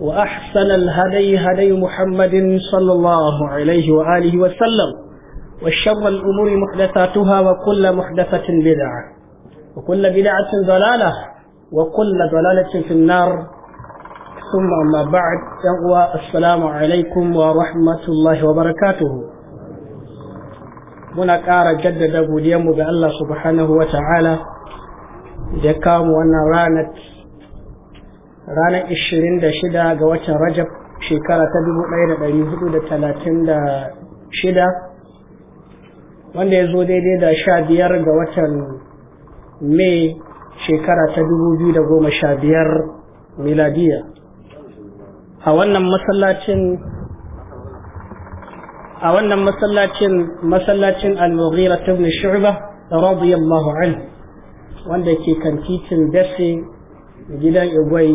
وأحسن الهدي هدي محمد صلى الله عليه وآله وسلم وشر الأمور محدثاتها وكل محدثة بدعة وكل بدعة ضلالة وكل ضلالة في النار ثم أما بعد السلام عليكم ورحمة الله وبركاته muna ƙara jaddada godiyanmu ga Allah subhanahu wa ta'ala da kamu wannan ranar ranar 26 ga watan rajab shekara ta 1436 wanda ya zo daidai da sha biyar ga watan mai shekara ta 2015 miladiya a wannan masallacin a wannan masallacin masallacin al-mughira ibn shu'ba radiyallahu anhu wanda ke kan titin Bessie gidan igwai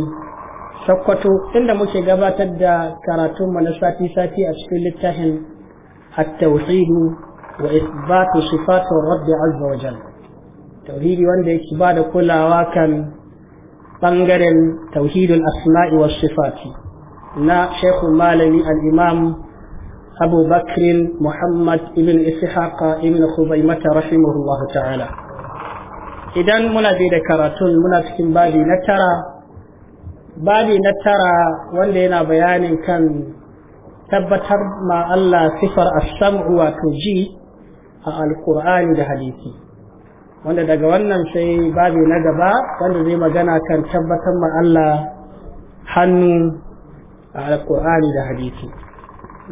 sakkwato inda muke gabatar da karatunmu na sati-sati a cikin littafin at-tauhidu wa isbatu sifatu rabbi azza wa jal tauhidi wanda yake ba da kulawa kan bangaren tauhidul asma'i wa sifati na shekhu malami al-imam abu bakrin muhammad ibn ishaqa ibn khuzaimata rahimahullahu ta'ala idan muna bi da karatun muna cikin babi na tara babi na tara wanda yana bayanin kan tabbatar ma Allah sifar as-sam'u wato ji a alkur'ani da hadisi wanda daga wannan sai babi na gaba wanda zai magana kan tabbatar ma Allah hannu a alkur'ani da hadisi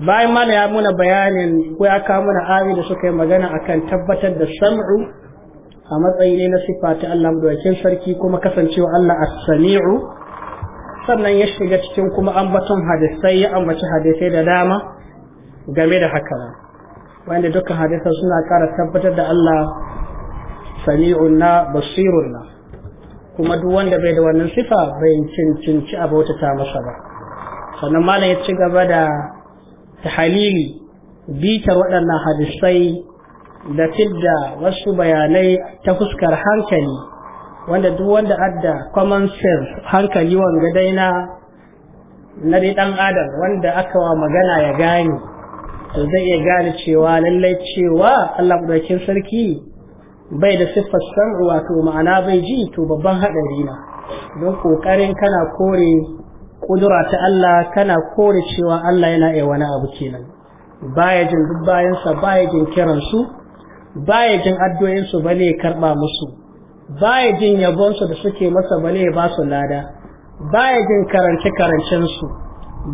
bayan mana ya muna bayanin ko ya kawo mana ayoyi da suka yi magana akan tabbatar da sam'u a matsayi ne na siffa ta Allah mudaukakin sarki kuma kasancewa Allah a samiu sannan ya shiga cikin kuma ambaton hadisai ya ambaci hadisai da dama game da haka wanda dukkan hadisai suna kara tabbatar da Allah sami'un na basirun na kuma duk wanda bai da wannan sifa bai cincinci a ta masa ba sannan malam ya ci gaba da tahalili bitar waɗannan hadisai da fidda wasu bayanai ta fuskar hankali wanda duk wanda adda common sense hankali wanga dai na na dai dan adam wanda aka wa magana ya gane to zai iya gane cewa lallai cewa Allah madaukakin sarki bai da siffar sam'u wato ma'ana bai ji to babban hadari na don kokarin kana kore kudura ta Allah kana kore cewa Allah yana iya wani abu kenan baya jin duk bayansa baya jin kiransu baya jin addu'o'insu bane ya karɓa musu baya jin yabonsu da suke masa ba ya ba su lada baya jin karance karancensu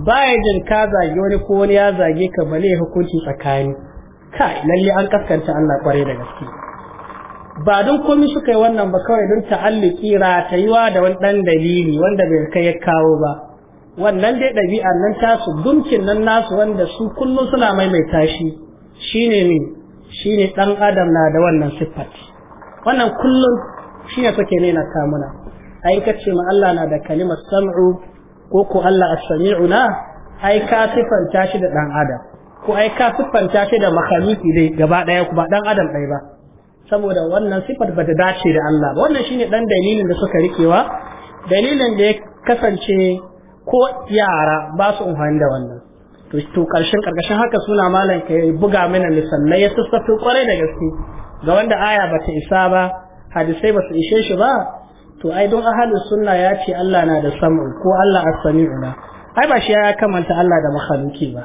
baya jin ka zage wani ko wani ya zage ka ba ya hukunci tsakani kai lalle an kaskanta Allah ƙware da gaske ba don komai suka yi wannan ba kawai don ta'alliki ratayuwa da wani dan dalili wanda bai kai ya kawo ba wannan dai ɗabi'ar nan tasu dumkin nan nasu wanda su kullum suna maimaita shi shine ne ne ɗan adam na da wannan siffat wannan kullum shi ne suke nuna samuna ai ka ce ma Allah na da kalimar sam'u ko ko Allah a samiu na ai ka siffanta shi da ɗan adam ko ai ka siffanta shi da makamiki dai gaba daya ba ɗan adam dai ba saboda wannan siffar ba ta dace da Allah ba wannan shine dan dalilin da suka rikewa dalilin da ya kasance ko yara ba su amfani da wannan to karshen karkashin haka suna malam ka buga mana misalai ya sassafin kwarai da gaske ga wanda aya ba ta isa ba hadisai ba su ishe shi ba to ai don ahalu sunna ya ce Allah na da sam'u ko Allah as samiuna ai ba shi ya kamanta Allah da makhluki ba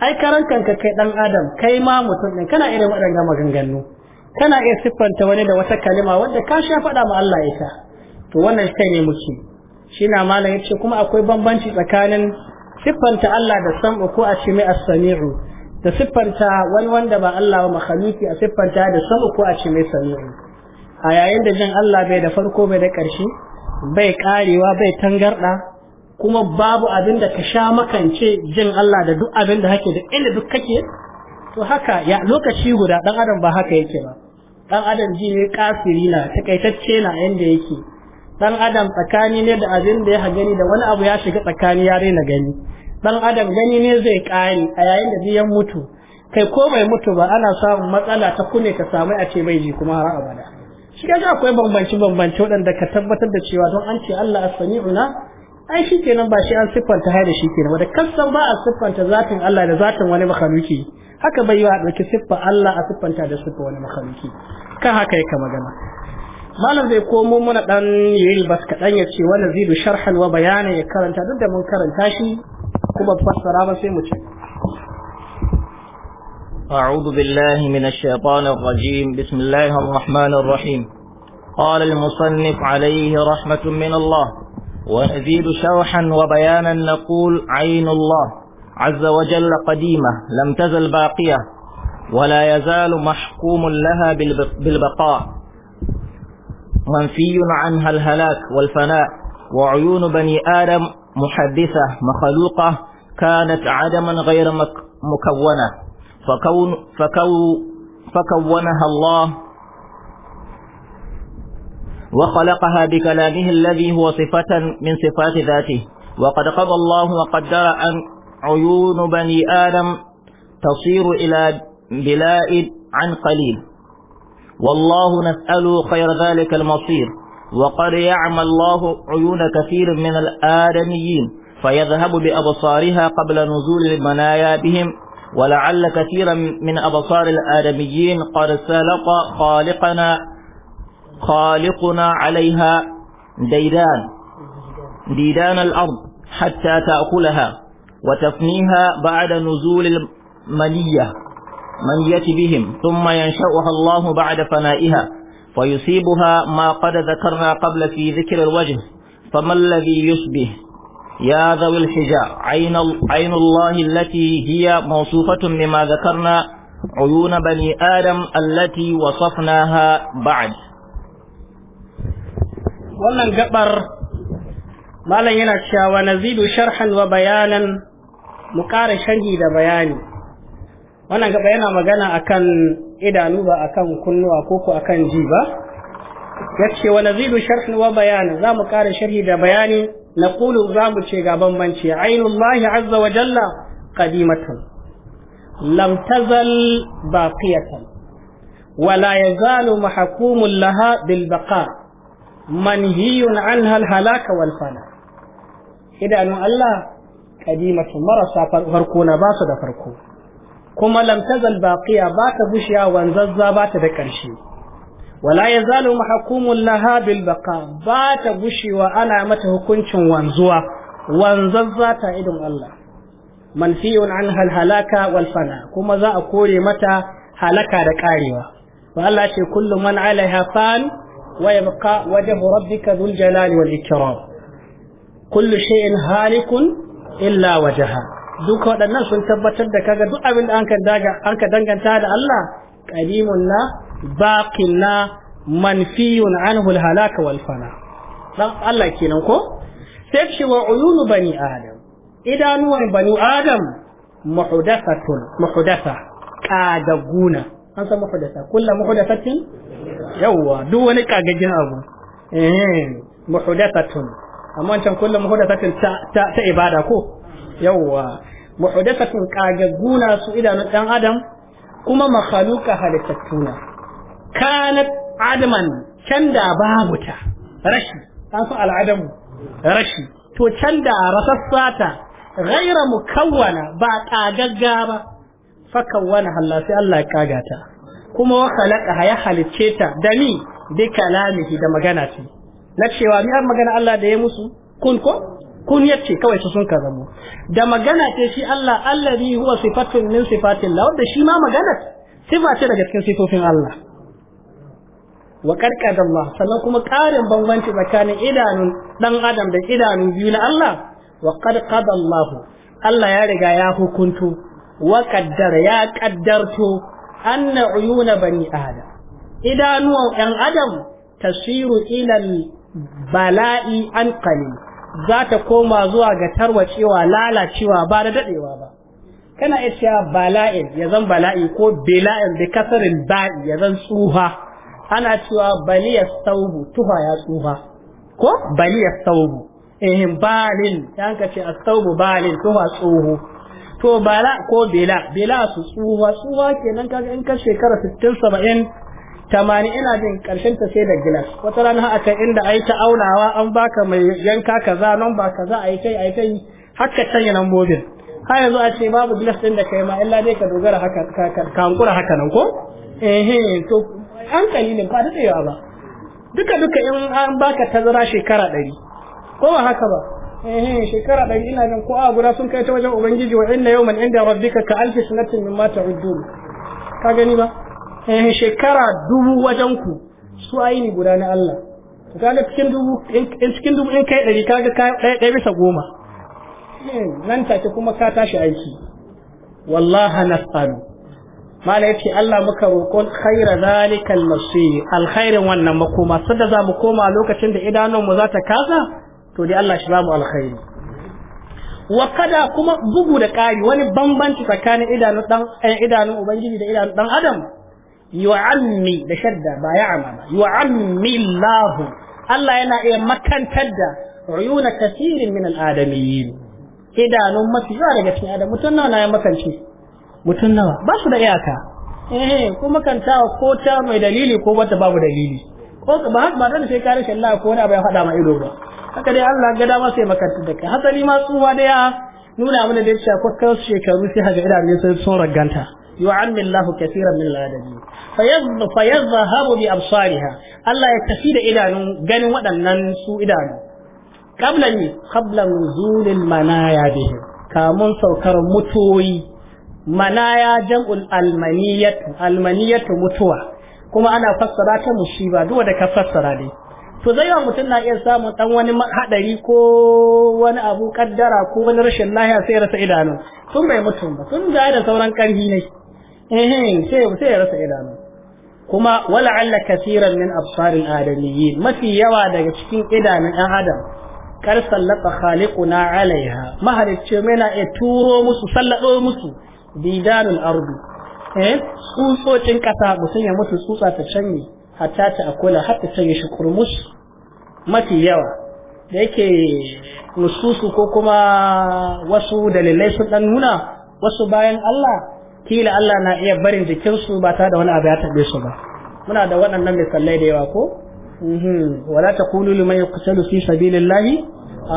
ai karan kanka kai dan adam kai ma mutum ne kana irin waɗannan maganganu kana iya siffanta wani da wata kalima wanda ka sha faɗa ma Allah ita to wannan sai ne muke shi na malam yace kuma akwai bambanci tsakanin siffanta Allah da sam'u ko a ce mai samiu da siffanta wani wanda ba Allah ba makhaliki a siffanta da sam'u ko a ce sami'u a yayin da jin Allah bai da farko bai da ƙarshe bai karewa bai tangarda kuma babu abin da ka sha makance jin Allah da duk abin da kake da inda duk kake to haka ya lokaci guda dan adam ba haka yake ba dan adam ji ne kafiri na takaitacce na yanda yake dan adam tsakani ne da abin da ya gani da wani abu ya shiga tsakani ya raina gani dan adam gani ne zai kare a yayin da biyan mutu kai ko bai mutu ba ana samun matsala ta kune ka samu a ce bai ji kuma har abada shi ga akwai bambanci bambanci wadanda ka tabbatar da cewa don an ce Allah as-sami'una ai shi kenan ba shi an siffanta hai da shi kenan ba da kasan ba a siffanta zatin Allah da zatin wani makhluki haka bai yi wa dauki siffa Allah a siffanta da siffa wani makhluki kan haka yake magana malam zai komo mana dan yayi bas dan ya ce wala zidu sharhan wa bayana ya karanta duk da mun karanta shi kuma fassara ba sai mu ce أعوذ بالله من الشيطان الرجيم بسم الله الرحمن الرحيم قال المصنف عليه رحمة من الله ونزيد شرحا وبيانا نقول عين الله عز وجل قديمة لم تزل باقية ولا يزال محكوم لها بالبقاء منفي عنها الهلاك والفناء وعيون بني آدم محدثة مخلوقة كانت عدما غير مكونة فكون فكو فكونها الله وخلقها بكلامه الذي هو صفة من صفات ذاته وقد قضى الله وقدر أن عيون بني آدم تصير إلى بلائد عن قليل والله نسأله خير ذلك المصير وقد يعمى الله عيون كثير من الآدميين فيذهب بأبصارها قبل نزول المنايا بهم ولعل كثيرا من أبصار الآدميين قد سلق خالقنا خالقنا عليها ديدان ديدان الأرض حتى تأكلها وتفنيها بعد نزول المنية من يأتي بهم ثم ينشأها الله بعد فنائها فيصيبها ما قد ذكرنا قبل في ذكر الوجه فما الذي يشبه يا ذوي الحجاء عين, عين الله التي هي موصوفة لما ذكرنا عيون بني آدم التي وصفناها بعد wannan gabar malam yana cewa nazidu sharhan wa bayanan mu ƙara sharhi da bayani wannan gaba yana magana akan idanu ba akan kunnuwa ko ko akan ji ba yace wa nazidu sharhin wa bayan za mu kare sharhi da bayani na qulu za mu ce ga bambanci ainullahi azza wa jalla qadimatun lam tazal baqiyatan ولا يزال محكوم لها بالبقاء منهي عنها الهلاك والفناء إذا أن الله قديمة مرسى فرقونا da farko. kuma lamtazal tazal baqiya ba ta bushiya wanzazza ba ta da ƙarshe wala yazalu mahkumun laha bil baqa ba ta bushewa ana mata hukuncin wanzuwa wanzazza ta idon Allah manfiyun an halhalaka walfana kuma za a kore mata halaka da karewa wa Allah ce kullu man alaiha fan wa yabqa wajhu rabbika dhul jalali wal ikram kullu shay'in halikun illa wajaha. duka waɗannan sun tabbatar da kaga duk abin da an ka danganta da Allah Ƙarimun na baƙin na manfiyun anhu al-halaka wal fana dan Allah kenan ko sai shi wa uyunu bani adam idanuwan bani adam muhdathatun muhdatha qadaguna an san muhdatha kullu muhdathatin Yawwa, duk wani kagagin abu eh muhdathatun amma can kullum muhdathatin ta ibada ko Yawwa. muhdathatun kagagguna su idanun dan adam kuma makhluqa halittattuna kanat adaman can da babu ta rashi an san al'adamu rashi to can da rasassata ghaira mukawwana ba kagagga ba fa kawwana Allah sai Allah ya kagata kuma wa khalaqa ya halicce ta da ni bi kalamihi da magana ce na cewa mi an magana Allah da ya musu kun ko kun ce kawai su sun da magana ce shi Allah allazi huwa sifatun min sifatin la wanda shi ma magana sifa ce daga cikin sifofin Allah wa karkada Allah sannan kuma karin bambanci tsakanin idanun dan adam da idanun biyu na Allah wa karkada Allah Allah ya riga ya hukunto wa kaddara ya kaddarto anna uyuna bani adam idanuwan yan adam tasiru ila bala'i an qalil za ta koma zuwa ga tarwacewa lalacewa ba da dadewa ba kana iya bala'in ya zan bala'i ko bila'in da kasarin ba'i ya zan tsuha ana cewa bali ya saubu tuha ya tsuha ko bali ya saubu ehin balin ta hanka ce saubu balin tuha tsoho to bala ko bila bila su tsuha tsuha kenan kaga in ka shekara 60 70 tamani ina jin karshen ta sai da gilas wata rana aka inda ai ta aunawa an baka mai yanka kaza nan ba kaza ai kai ai kai hakka tanya nan mobil har yanzu a ce babu gilas din da kai ma illa dai ka dogara haka ka hankura haka nan ko eh to an ne ba da tsayawa ba duka duka in an baka tazara shekara ɗari ko ba haka ba eh shekara ɗari ina jin ko a guda sun kai ta wajen ubangiji wa inna yawman inda rabbika ka alfi sunatin mimma ta'udun ka gani ba eh shekara dubu wajen ku su ni guda na Allah kaga cikin dubu in cikin dubu in kai ɗari kaga kai ɗaya bisa goma eh, nan take kuma ka tashi aiki wallaha nas'alu mala yace Allah muka roƙon khaira zalikal masir alkhairin wannan makoma sadda za mu koma lokacin da idanun mu za ta kasa to dai Allah shi ba mu alkhairi wa kada kuma bugu da ƙari wani bambanci tsakanin idanun dan eh, idanun ubangiji da idanun dan adam yu'ammi da shadda ba amma ba yu'ammi Allah Allah yana iya makantar da uyuna kasirin min al-adamiyyin idanun mafi zuwa daga cikin adam mutum nawa na ya makance mutum nawa ba su da iyaka eh ko makantawa ko ta mai dalili ko wata babu dalili ko ba ba dan sai kare shi Allah ko wani abu ya faɗa ma ido ba haka dai Allah ga dama sai makanta da kai hasali ma tsuwa da ya nuna mana da cewa ko kai shekaru sai haga idanun sai sun raganta yu'ammi Allah kaseeran min al-adabi fayadhhabu bi absariha Allah ya tafi da idanun ganin waɗannan su idanu qabla ni qabla nuzulil manaya bihi kamun saukar mutoyi manaya jam'ul almaniyatu almaniyatu mutuwa kuma ana fassara ta musiba duk da ka fassara dai to zai wa mutum na iya samun dan wani hadari ko wani abu kaddara ko wani rashin lahiya sai rasa idanu tun bai mutum ba tun da sauran karfi ne eh sai ya rasa idanu kuma wala'alla kasiran min absarin adamiyyi mafi yawa daga cikin idanun ɗan adam kar sallata khaliquna alaiha mahalicce mai na iya turo musu sallado musu bidanul ardu eh tsutsocin kasa mutum ya musu tsutsa ta canye hatta ta akula har ta canye shi musu. mafi yawa da yake nususu ko kuma wasu dalilai sun dan nuna wasu bayan Allah kila Allah na iya barin jikinsu ba ta da wani abu ya taɓe su ba muna da waɗannan misalai da yawa ko mhm. wala taqulu liman yuqtalu fi sabilillahi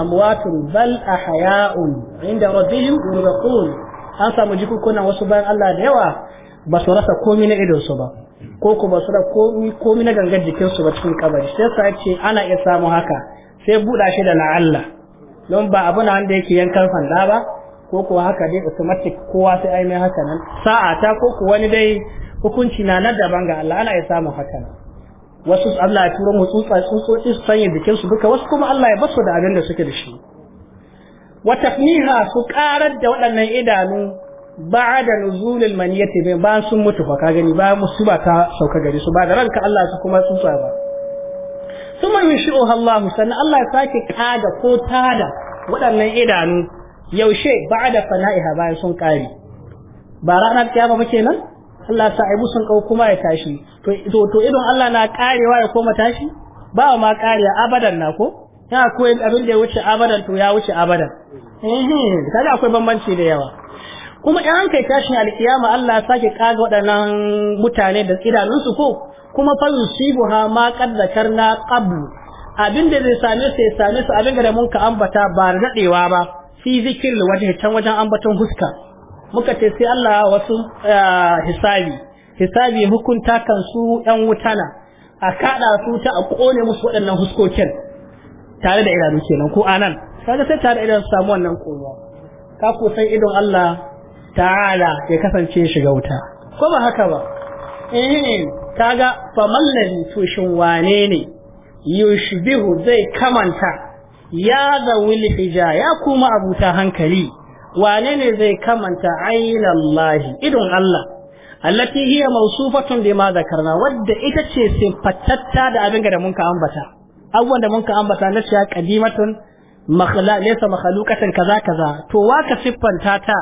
amwatun bal ahya'un inda rabbihim yurzaqun an samu jikukunan wasu bayan Allah da yawa ba su rasa komai na idon ba ko ku ba su rasa komai na gangar jikinsu ba cikin kabari sai sa ce ana iya samu haka sai buɗa shi da la'alla don ba abu na wanda yake yankan sanda ba ko kuwa haka dai automatic kowa sai ai mai haka nan sa'a ta ko kuwa wani dai hukunci na na daban ga Allah ana ya samu haka nan wasu Allah ya turo mu tsutsa tsutsotsi su sanya jikin su duka wasu kuma Allah ya basu da abin da suke da shi wa tafniha su karar da waɗannan idanu ba'da nuzulil maniyati bai ba sun mutu fa ka gani ba ba ta sauka gari su ba da ranka Allah su kuma tsutsa ba kuma yushi'uha Allah sannan Allah ya sake kada ko tada waɗannan idanu yaushe ba'da fana'iha bayan sun kare ba ranar kiyama ba kenan Allah sa ai musun kau kuma ya tashi to to idan Allah na karewa ya koma tashi ba ma kariya abadan na ko ya koyi abin da ya wuce abadan to ya wuce abadan eh, kaga akwai bambanci da yawa kuma in an kai tashin kiyama Allah sake kaga waɗannan mutane da su ko kuma fa yusibuha ma qaddakarna qabl qablu abin da zai same su ya same su abin da mun ka ambata ba da dadewa ba fi zikirin wajen can wajen ambaton huska muka ce sai Allah wasu eh, hisabi hisabi hukunta kan su yan wutana a kaɗa su ta a ƙone musu waɗannan huskokin tare da idanu kenan ko anan kaga sai tare idan su samu wannan koyo ka ku san idon Allah ta'ala ya kasance shiga wuta ko ba haka ba eh kaga famal ladhi tushin wane ne yushbihu zai kamanta ya zawil hija ya kuma abuta hankali wane ne zai kamanta ainihin idon Allah allati hiya mawsufatun bima zakarna wadda ita ce sifatatta da abin da ka ambata abubuwan da ka ambata na cewa qadimatun makhla laysa makhluqatan kaza kaza to waka siffanta ta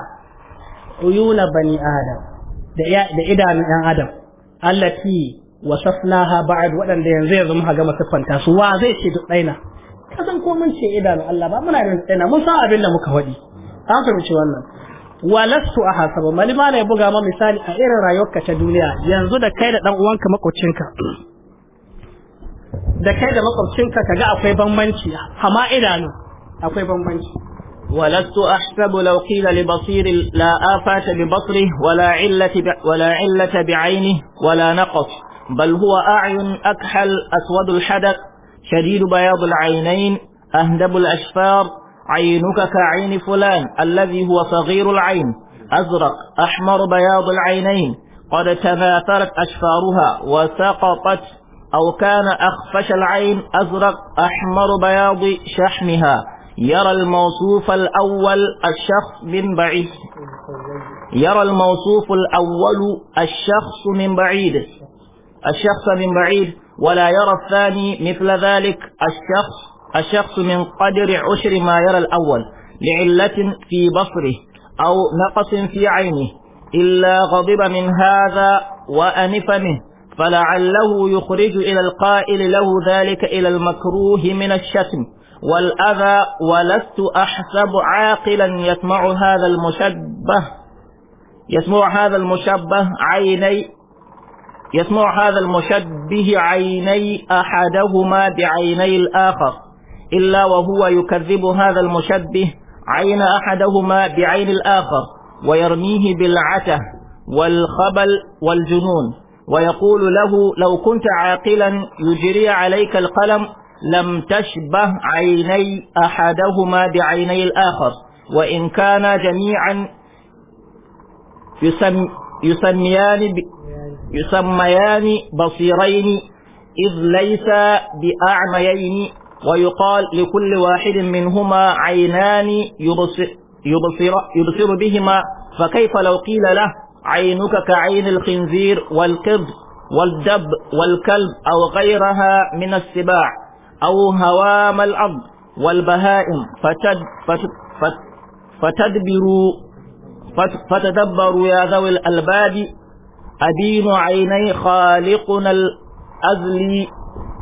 uyuna bani adam da da idanun ɗan adam allati wasafnaha ba'd wadanda yanzu ya zama gama siffanta su wa zai ce duk daina Ka san ko mun ce idanu Allah ba muna nan tsena mun san abin da muka faɗi an fahimci wannan walastu ahasaba malima ne buga ma misali a irin rayuwarka ta duniya yanzu da kai da dan uwanka makocinka da kai da makwabcinka kaga akwai bambanci amma idanu akwai bambanci ولست أحسب لو قيل لبصير لا آفات ببصره ولا علة, ولا علة بعينه ولا نقص بل هو أعين أكحل أسود الحدق شديد بياض العينين أهدب الأشفار عينك كعين فلان الذي هو صغير العين أزرق أحمر بياض العينين قد تناثرت أشفارها وسقطت أو كان أخفش العين أزرق أحمر بياض شحمها يرى الموصوف الأول الشخص من بعيد يرى الموصوف الأول الشخص من بعيد الشخص من بعيد ولا يرى الثاني مثل ذلك الشخص الشخص من قدر عشر ما يرى الأول لعلة في بصره أو نقص في عينه إلا غضب من هذا وأنف منه فلعله يخرج إلى القائل له ذلك إلى المكروه من الشتم والأذى ولست أحسب عاقلا يسمع هذا المشبه يسمع هذا المشبه عيني يسمع هذا المشبه عيني أحدهما بعيني الآخر إلا وهو يكذب هذا المشبه عين أحدهما بعين الآخر ويرميه بالعته والخبل والجنون ويقول له لو كنت عاقلا يجري عليك القلم لم تشبه عيني أحدهما بعيني الآخر وإن كانا جميعا يسم يسميان يسميان بصيرين إذ ليس بأعميين ويقال لكل واحد منهما عينان يبصر, يبصر, يبصر بهما فكيف لو قيل له عينك كعين الخنزير والكذب والدب والكلب أو غيرها من السباع أو هوام الأرض والبهائم فتد فتد فتدبروا فتدبروا يا ذوي الألباب أديم عيني خالقنا الأزلي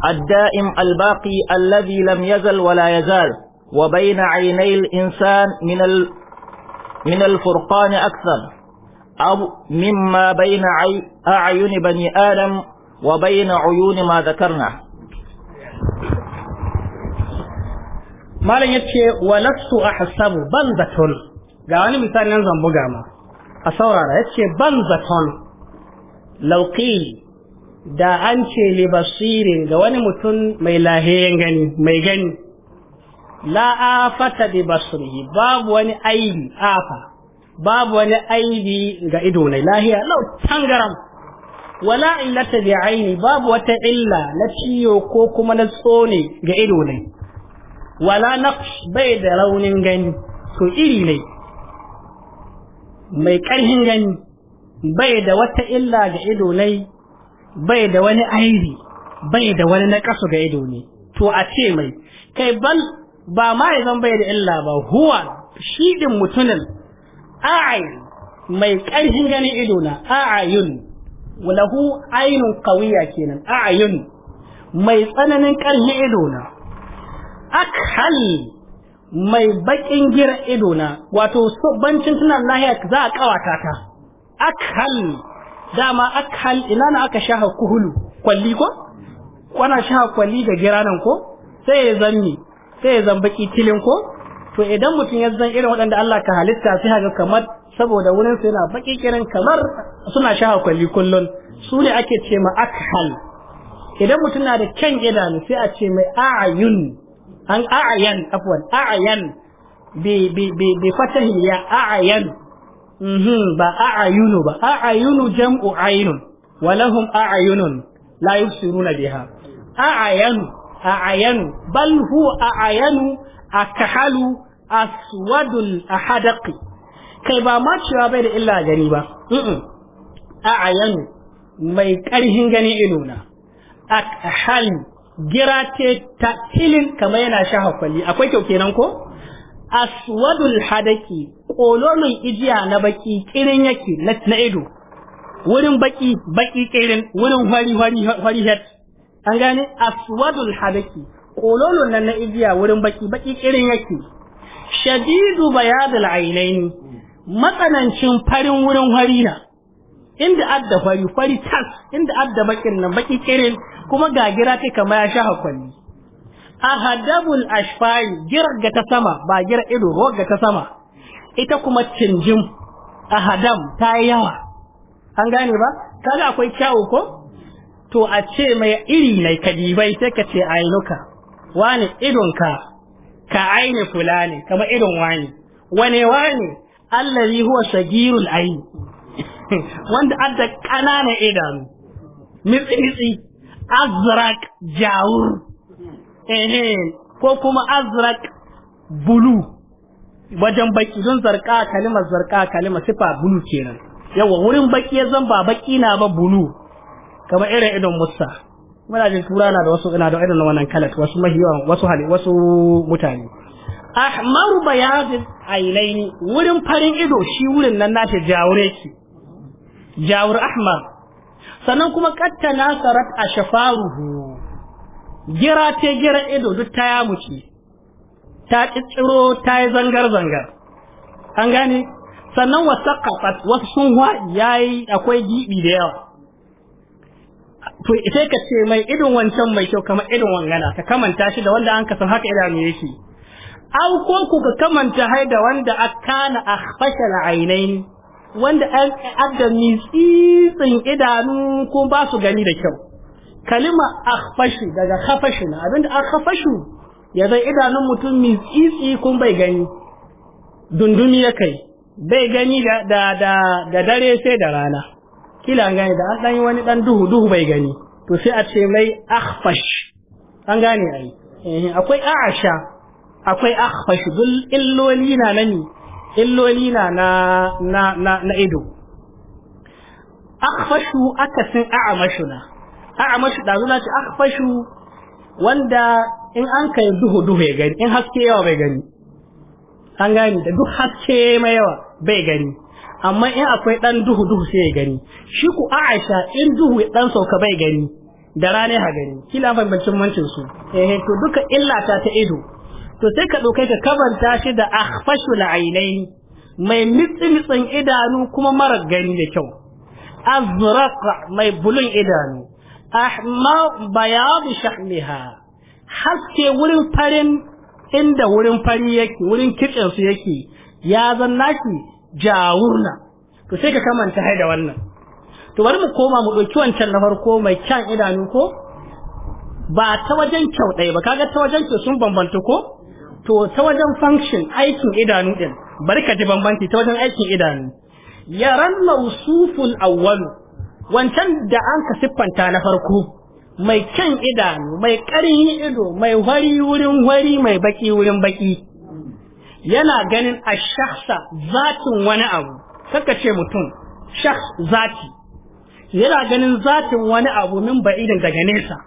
الدائم الباقي الذي لم يزل ولا يزال وبين عيني الإنسان من ال من الفرقان أكثر أو مما بين أعين بني آدم وبين عيون ما ذكرنا ما لن يتشي ولست أحسب بنزة ban مثال ga wani misali nan zan buga a saurara ya ce Lauki da an ce li ga wani mutum mai lahiyan gani mai gani la'afata bi basiri babu wani aibi afa babu wani aibi ga ido na lahiya lau tangaram wala illata bi aini babu wata illa na ciyo ko kuma na tsone ga ido ne wala naqsh bai da raunin gani to iri ne mai ƙarhin gani bai da wata illa ga ido ne bai da wani aibi bai da wani nakasu ga ido ne to a ce mai kai ban ba ma zan bai da illa ba huwa shi din mutumin a'ayin mai karshen ganin ido na a'ayun walahu ainun qawiya kenan a'ayun mai tsananin ƙarfin ido na akhal mai bakin gira ido na wato subbancin tunan lahiya za a kawata ta akhal dama akhal ina na aka shaha kuhulu kwalli ko kwana shaha kwalli da giranan ko sai ya zanni sai ya zambaki tilin ko to idan mutum ya zan irin waɗanda Allah ka halitta sai ga kamar saboda wurin su yana baki kiran kamar suna shaha kwalli kullun su ne ake ce ma akhal idan mutum na da kyan idanu sai a ce mai ayun an ayan afwan ayan bi bi bi fatahi ya ayan Mhm, ba a'ayunu ba a'ayunu jam'u aynun wa lahum a'ayunun la yubsiruna biha a a'ayanu bal huwa a'ayanu akahalu aswadul ahadaqi kai ba ma cewa bai da illa gani ba a'ayanu mai karhin gani ido na akahalu gira ta tilin kamar yana sha hakwali akwai kyau kenan ko aswadul hadaki mai ijiya na baki kirin yake na ido wurin baki baki kirin wurin hwari hwari hwari hat an gane aswadul hadaki kololon nan na ijiya wurin baki baki kirin yake shadidu bayadul ainaini matsanancin farin wurin hwari na inda adda hwari hwari tas inda adda bakin nan baki kirin kuma gagira kai kamar ya sha hakwali ahadabul ashfai ga ta sama ba gir ido roga ta sama ita kuma cinjim ahadam ta yawa an gane ba kaga akwai kyawu ko to a ce mai iri ne kadibai sai ka ce ainuka wani idonka ka aini fulani kamar idon wani wane wani allazi huwa sagirul aini wanda adda ƙananan idanu mitsi mitsi azrak jawur ehe ko kuma azrak bulu wajen baki don zarka kalima zarka kalima sifa bulu kenan yawa wurin baki ya zan ba baki na ba bulu kamar irin idon musa muna jin tura na da wasu ina da irin wannan kalat wasu mahiyawa wasu hali wasu mutane ahmaru bayadin ailaini wurin farin ido shi wurin nan nashi jawure ki jawur ahmar sannan kuma katta nasarat ashfaruhu gira ce gira ido duk ta yamuci ta tsiro ta yi zangar-zangar an gane sannan wasa kafat wasu sun ya yi akwai giɓi da yawa to sai ka ce mai idon wancan mai kyau kamar idon wangana ka kamanta shi da wanda an kasan haka idanu yake au ko ku ka kamanta hai da wanda a kana akana akhfashal ainain wanda an adda mitsitsin idanu ko ba su gani da kyau kalima akhfashi daga khafashi na abinda akhfashu ya zai idanun mutum mai tsitsi kun bai gani dundumi ya kai bai gani da da da dare sai da rana kila gani da an dan yi wani dan duhu duhu bai gani to sai a ce mai akhfash an gane ai eh akwai a'asha akwai akhfash dul illoli na nani illoli na na na na ido akhfashu akasin a'amashuna mashi, dazu na ce akhfashu wanda in an yi duhu duhu ya gani in haske yawa bai gani an gani da duk haske mai yawa bai gani amma in akwai dan duhu duhu sai ya gani shi ku Aisha in duhu dan sauka bai gani da rane ha gani kila bambancin mancin su eh to duka illata ta ido to sai ka dokai ka kabanta shi da akhfashu la'ainai mai mitsi mitsin idanu kuma mara gani da kyau azraq mai bulun idanu ahma bayadu shahmiha haske wurin farin inda wurin fari yake wurin kitsen su yake ya zan naki jawurna to sai ka kamanta haida wannan to bari mu koma mu dauki wancan na farko mai kyan idanu ko ba ta wajen kyau ɗaya ba kaga ta wajen kyau sun bambanta ko to ta wajen function aikin idanu din bari ka ji bambanci ta wajen aikin idanu yaran mawsuful awwalu wancan da an ka siffanta na farko mai kyan idanu mai ƙarin ido mai wari wurin wari mai baki wurin baki yana ganin a shahsa zatin wani abu kaka ce mutum shahs zati yana ganin zatin wani abu min ba'idin daga nesa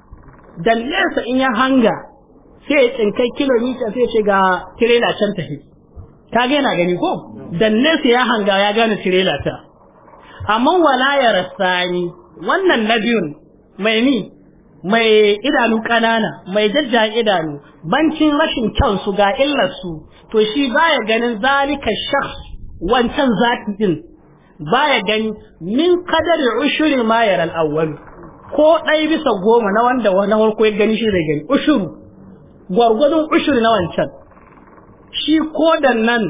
da nesa in ya hanga sai ya tsinkai kilomita sai ce ga tirela can tafi ta ga yana gani ko da nesa ya hanga ya gane tirela ta amma wala ya rasani wannan na biyun mai ni mai idanu ƙanana mai jajja idanu bancin rashin kyan su ga illar su to shi baya ganin zalika shakhs wancan zati din baya gani min kadar ushuri ma yaral awwal ko ɗaya bisa goma na wanda na farko ya gani shi zai gani ushuru gwargwadon ushuri na wancan shi kodan nan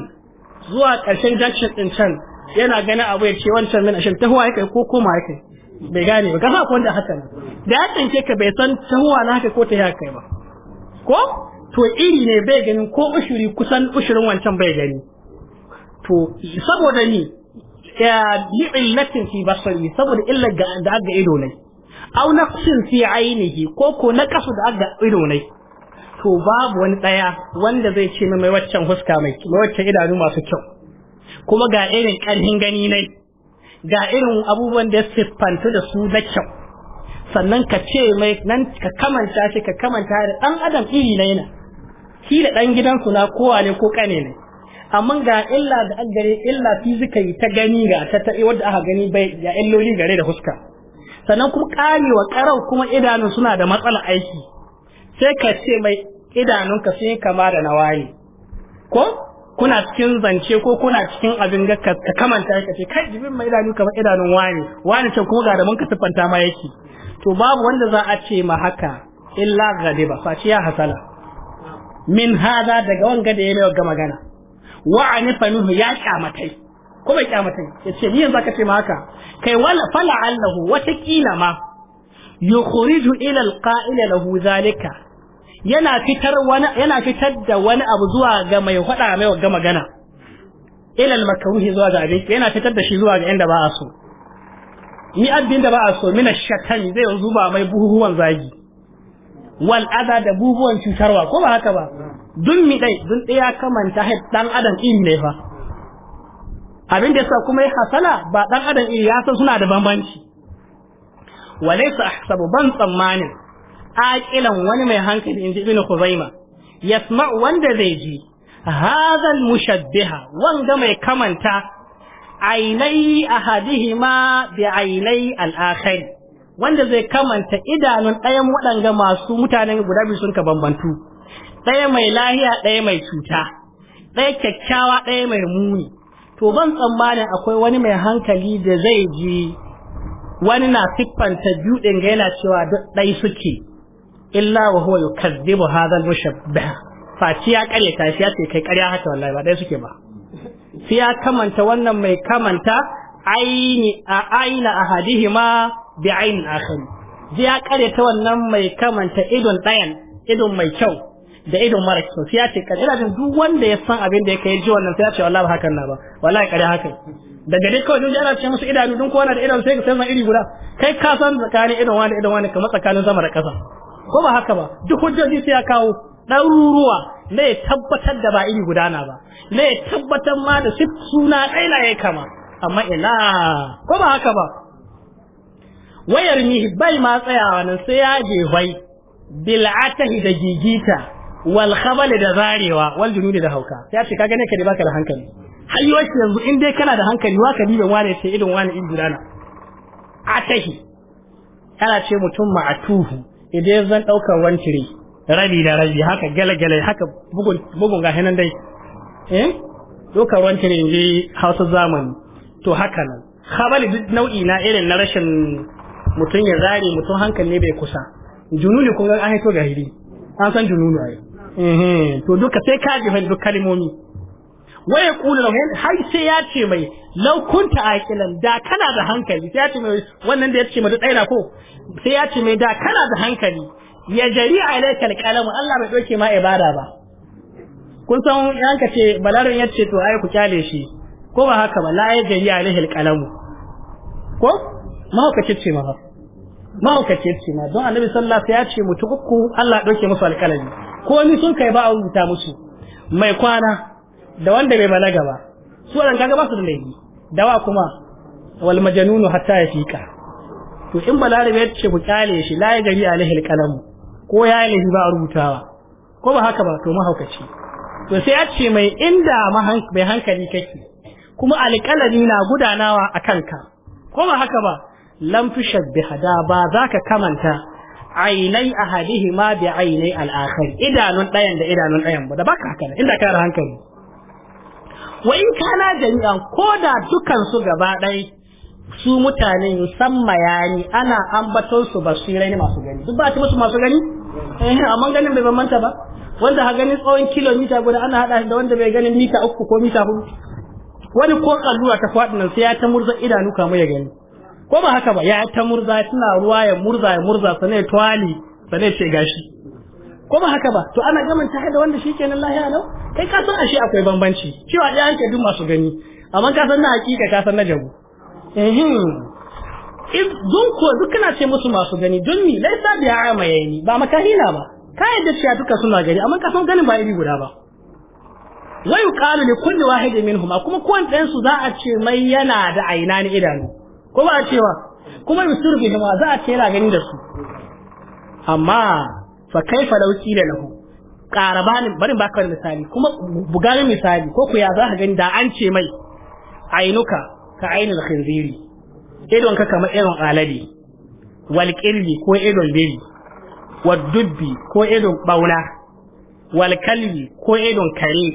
zuwa ƙarshen junction ɗin can yana ganin abu ya ce wancan min ashin tahuwa yake ko koma yake bai gane ba kafa akwai wanda haka ne da ya tsinke ka bai san tahuwa na haka ko ta ya kai ba ko to iri ne bai gani ko ushuri kusan ushurin wancan bai gani to saboda ni ya li'illatin fi basari saboda illa da aga ido ne aw naqsin fi ainihi ko ko naqasu da aga ido ne to babu wani daya wanda zai ce mai waccan huska mai waccan idanu masu kyau kuma ga irin ƙarfin gani ne ga irin abubuwan da ya siffantu da su na kyau sannan ka ce mai nan ka kamanta shi ka kamanta da ɗan adam iri na yana shi da ɗan gidansu na kowa ne ko ƙane ne amma ga illa da an gare illa yi ta gani ga ta ta wadda aka gani bai ya illoli gare da huska sannan kuma karewa karau kuma idanun suna da matsala aiki sai ka ce mai idanunka sun yi kama da na waye ko kuna cikin zance ko kuna cikin abin ga ka kamanta ka ce kai jibin mai idanu kamar idanun wani wani can kuma ga da mun ka siffanta ma yake to babu wanda za a ce ma haka illa ghadiba face ya hasala min hada daga wanga da yayi ga magana wa anifa minhu ya kyamatai ko bai kyamatai ce ni yanzu ka ce ma haka kai wala fala allahu wata kila ma yukhriju ila alqa'ila lahu zalika yana fitar wani yana fitar da wani abu zuwa ga mai faɗa mai ga magana ilal makruhi zuwa ga abin yana fitar da shi zuwa ga inda ba a so ni abin da ba a so mina shakami zai zuba mai buhuhuwan zagi wal ada da buhuhuwan cutarwa ko ba haka ba dun mi dai dun daya kamanta dan adam in ne fa abin da yasa kuma ya hasala ba dan adam in ya san suna da bambanci walaysa ahsabu ban tsammanin aqilan wani mai hankali inji ibn khuzaima yasma wanda zai ji hadha al mushabbiha wanda mai kamanta ainai ahadihima bi ainai al akhir wanda zai kamanta idanun ɗayan waɗanga masu mutanen guda biyu sun ka bambantu ɗaya mai lahiya ɗaya mai cuta ɗaya kyakkyawa ɗaya mai muni to ban tsammanin akwai wani mai hankali da zai ji wani na siffanta biyu ga yana cewa ɗai suke illa wa huwa yukazzibu hadha al-mushabbah fa ci ya kare ta shi ya ce kai karya haka wallahi ba dai suke ba sai ya kamanta wannan mai kamanta aini a aina ahadihima bi ain akhar sai ya kare ta wannan mai kamanta idon ɗayan idon mai kyau da idon mara kyau sai ya ce ƙarya ina jin duk wanda ya san abin da ya kai ji wannan sai ya ce wallahi hakan na ba wallahi ƙarya haka. daga dai kawai duniya ana ce musu idanu dun kowa na da idon sai ka san iri guda kai ka san tsakanin idon wani idon wani kamar tsakanin sama da ƙasa ko ba haka ba duk hujjoji sai ya kawo ɗaruruwa na ya tabbatar da ba iri gudana ba na ya tabbatar ma da shi suna ɗaina ya kama amma ina ko ba haka ba wayar mihi bai ma tsayawa nan sai ya je bai bil'atahi da gigita wal khabali da zarewa wal junudi da hauka ya ce ka gane ka da baka da hankali hayyar yanzu in dai kana da hankali wa ka dibe wani ce irin wani in gudana atahi kana ce mutum ma atuhu idan zan ɗaukar wantiri rabi da rabi haka gale-gale haka bugun bugun ga hinan dai eh ɗaukar wantiri three in hausa zamani to haka nan khabali duk nau'i na irin na rashin mutum ya zare mutum hankali ne bai kusa jununi kun ga an haito hiri an san jununi ai to duka sai ka ji duk kalmomi waya kula da hay sai ya ce mai law kunta aqilan da kana da hankali sai ya ce mai wannan da ya ce mai tsaina ko sai ya ce mai da kana da hankali ya jari alaikal kalamu Allah bai doke ma ibada ba kun san yanka ce balarin ya ce to ai ku kyale shi ko ba haka ba la ya jari alaikal kalamu ko ka ce ma ba ka ce ma don annabi sallallahu alaihi wasallam ya ce mutu uku Allah doke musu alƙalami ko ni sun kai ba a rubuta musu mai kwana da wanda bai balaga ba su ran kaga ba su da laifi dawa kuma wal majanunu hatta ya fika to in balarabe ya ce ku kyale shi la ya gari alaihi alqalam ko ya laifi ba rubutawa ko ba haka ba to mahaukaci to sai a ce mai inda mai hankali kake kuma alƙalami na gudanawa a kanka ko ba haka ba lam tushabbiha da ba za ka kamanta ainai ahadihima bi ainai al-akhar idanun dayan da idanun dayan ba da baka haka inda kana hankali wa in kana jami'an ko da dukan su gaba ɗai su mutane san mayani ana ambaton su basirai ne masu gani duk ba ta musu masu gani eh amma ganin bai bambanta ba wanda ha ganin tsawon kilomita guda ana hada da wanda bai gani mita uku ko mita hudu wani ko allura ta faɗi nan sai ya ta murza idanu kamar ya gani ko ba haka ba ya ta murza tana ruwa ya murza ya murza sanai twali sanai ce gashi ko ba haka ba to ana ta da wanda shi kenan lahiya nau kai ka san ashe akwai bambanci cewa ɗaya an duk masu gani amma ka san na hakika ka san na jabu don ko duk kana ce musu masu gani don ni laisa biya ama yayi ba makahina ba ka yadda cewa duka suna gani amma ka san ganin ba iri guda ba wa yuqalu li kulli wahidin minhum kuma kowanne ɗayan su za a ce mai yana da aina ni idanu ko ba a cewa kuma yusur bihima za a ce yana gani da su amma fa kaifa law qila lahu qarabanin barin baka wani misali kuma bugarin misali ko ku ya za ka gani da an ce mai ainuka ka ainul khinziri idon ka kamar idon alade wal qirbi ko idon biri wal dubbi ko idon bauna wal kalbi ko idon kare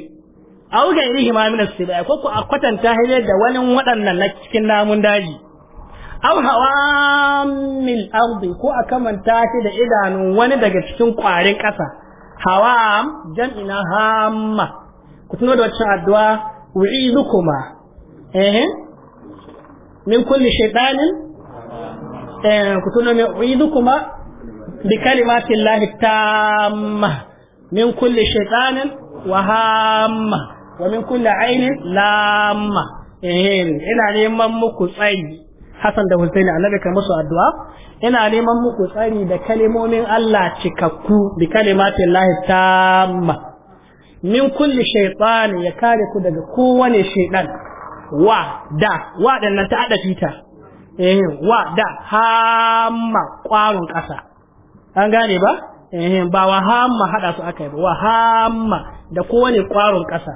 au ga irin himamin sibai ko ku akwatanta hayar da wani waɗannan na cikin namun daji aw hawamil ardi ko a manta shi da idanun wani daga cikin kwarin ƙasa hawam jam'ina hamma ku tuno da wacce addu'a wa'izukuma eh min kulli shaytanin eh ku tuno min wa'izukuma bi kalimati llahi tamma min kulli shaytanin wa hamma wa min kulli ainin lamma eh ina neman muku tsayi Hassan da Hussein annabi ka musu addu'a ina neman muku tsari da kalimomin Allah cikakku bi kalimatin lahi tamma min kulli shaytan ya kare ku daga kowane shaydan wa da wa dannan ta ada fita eh wa da hamma kwarun kasa an gane ba eh ba wa hamma hada su aka yi ba wa hamma da kowane kwarun kasa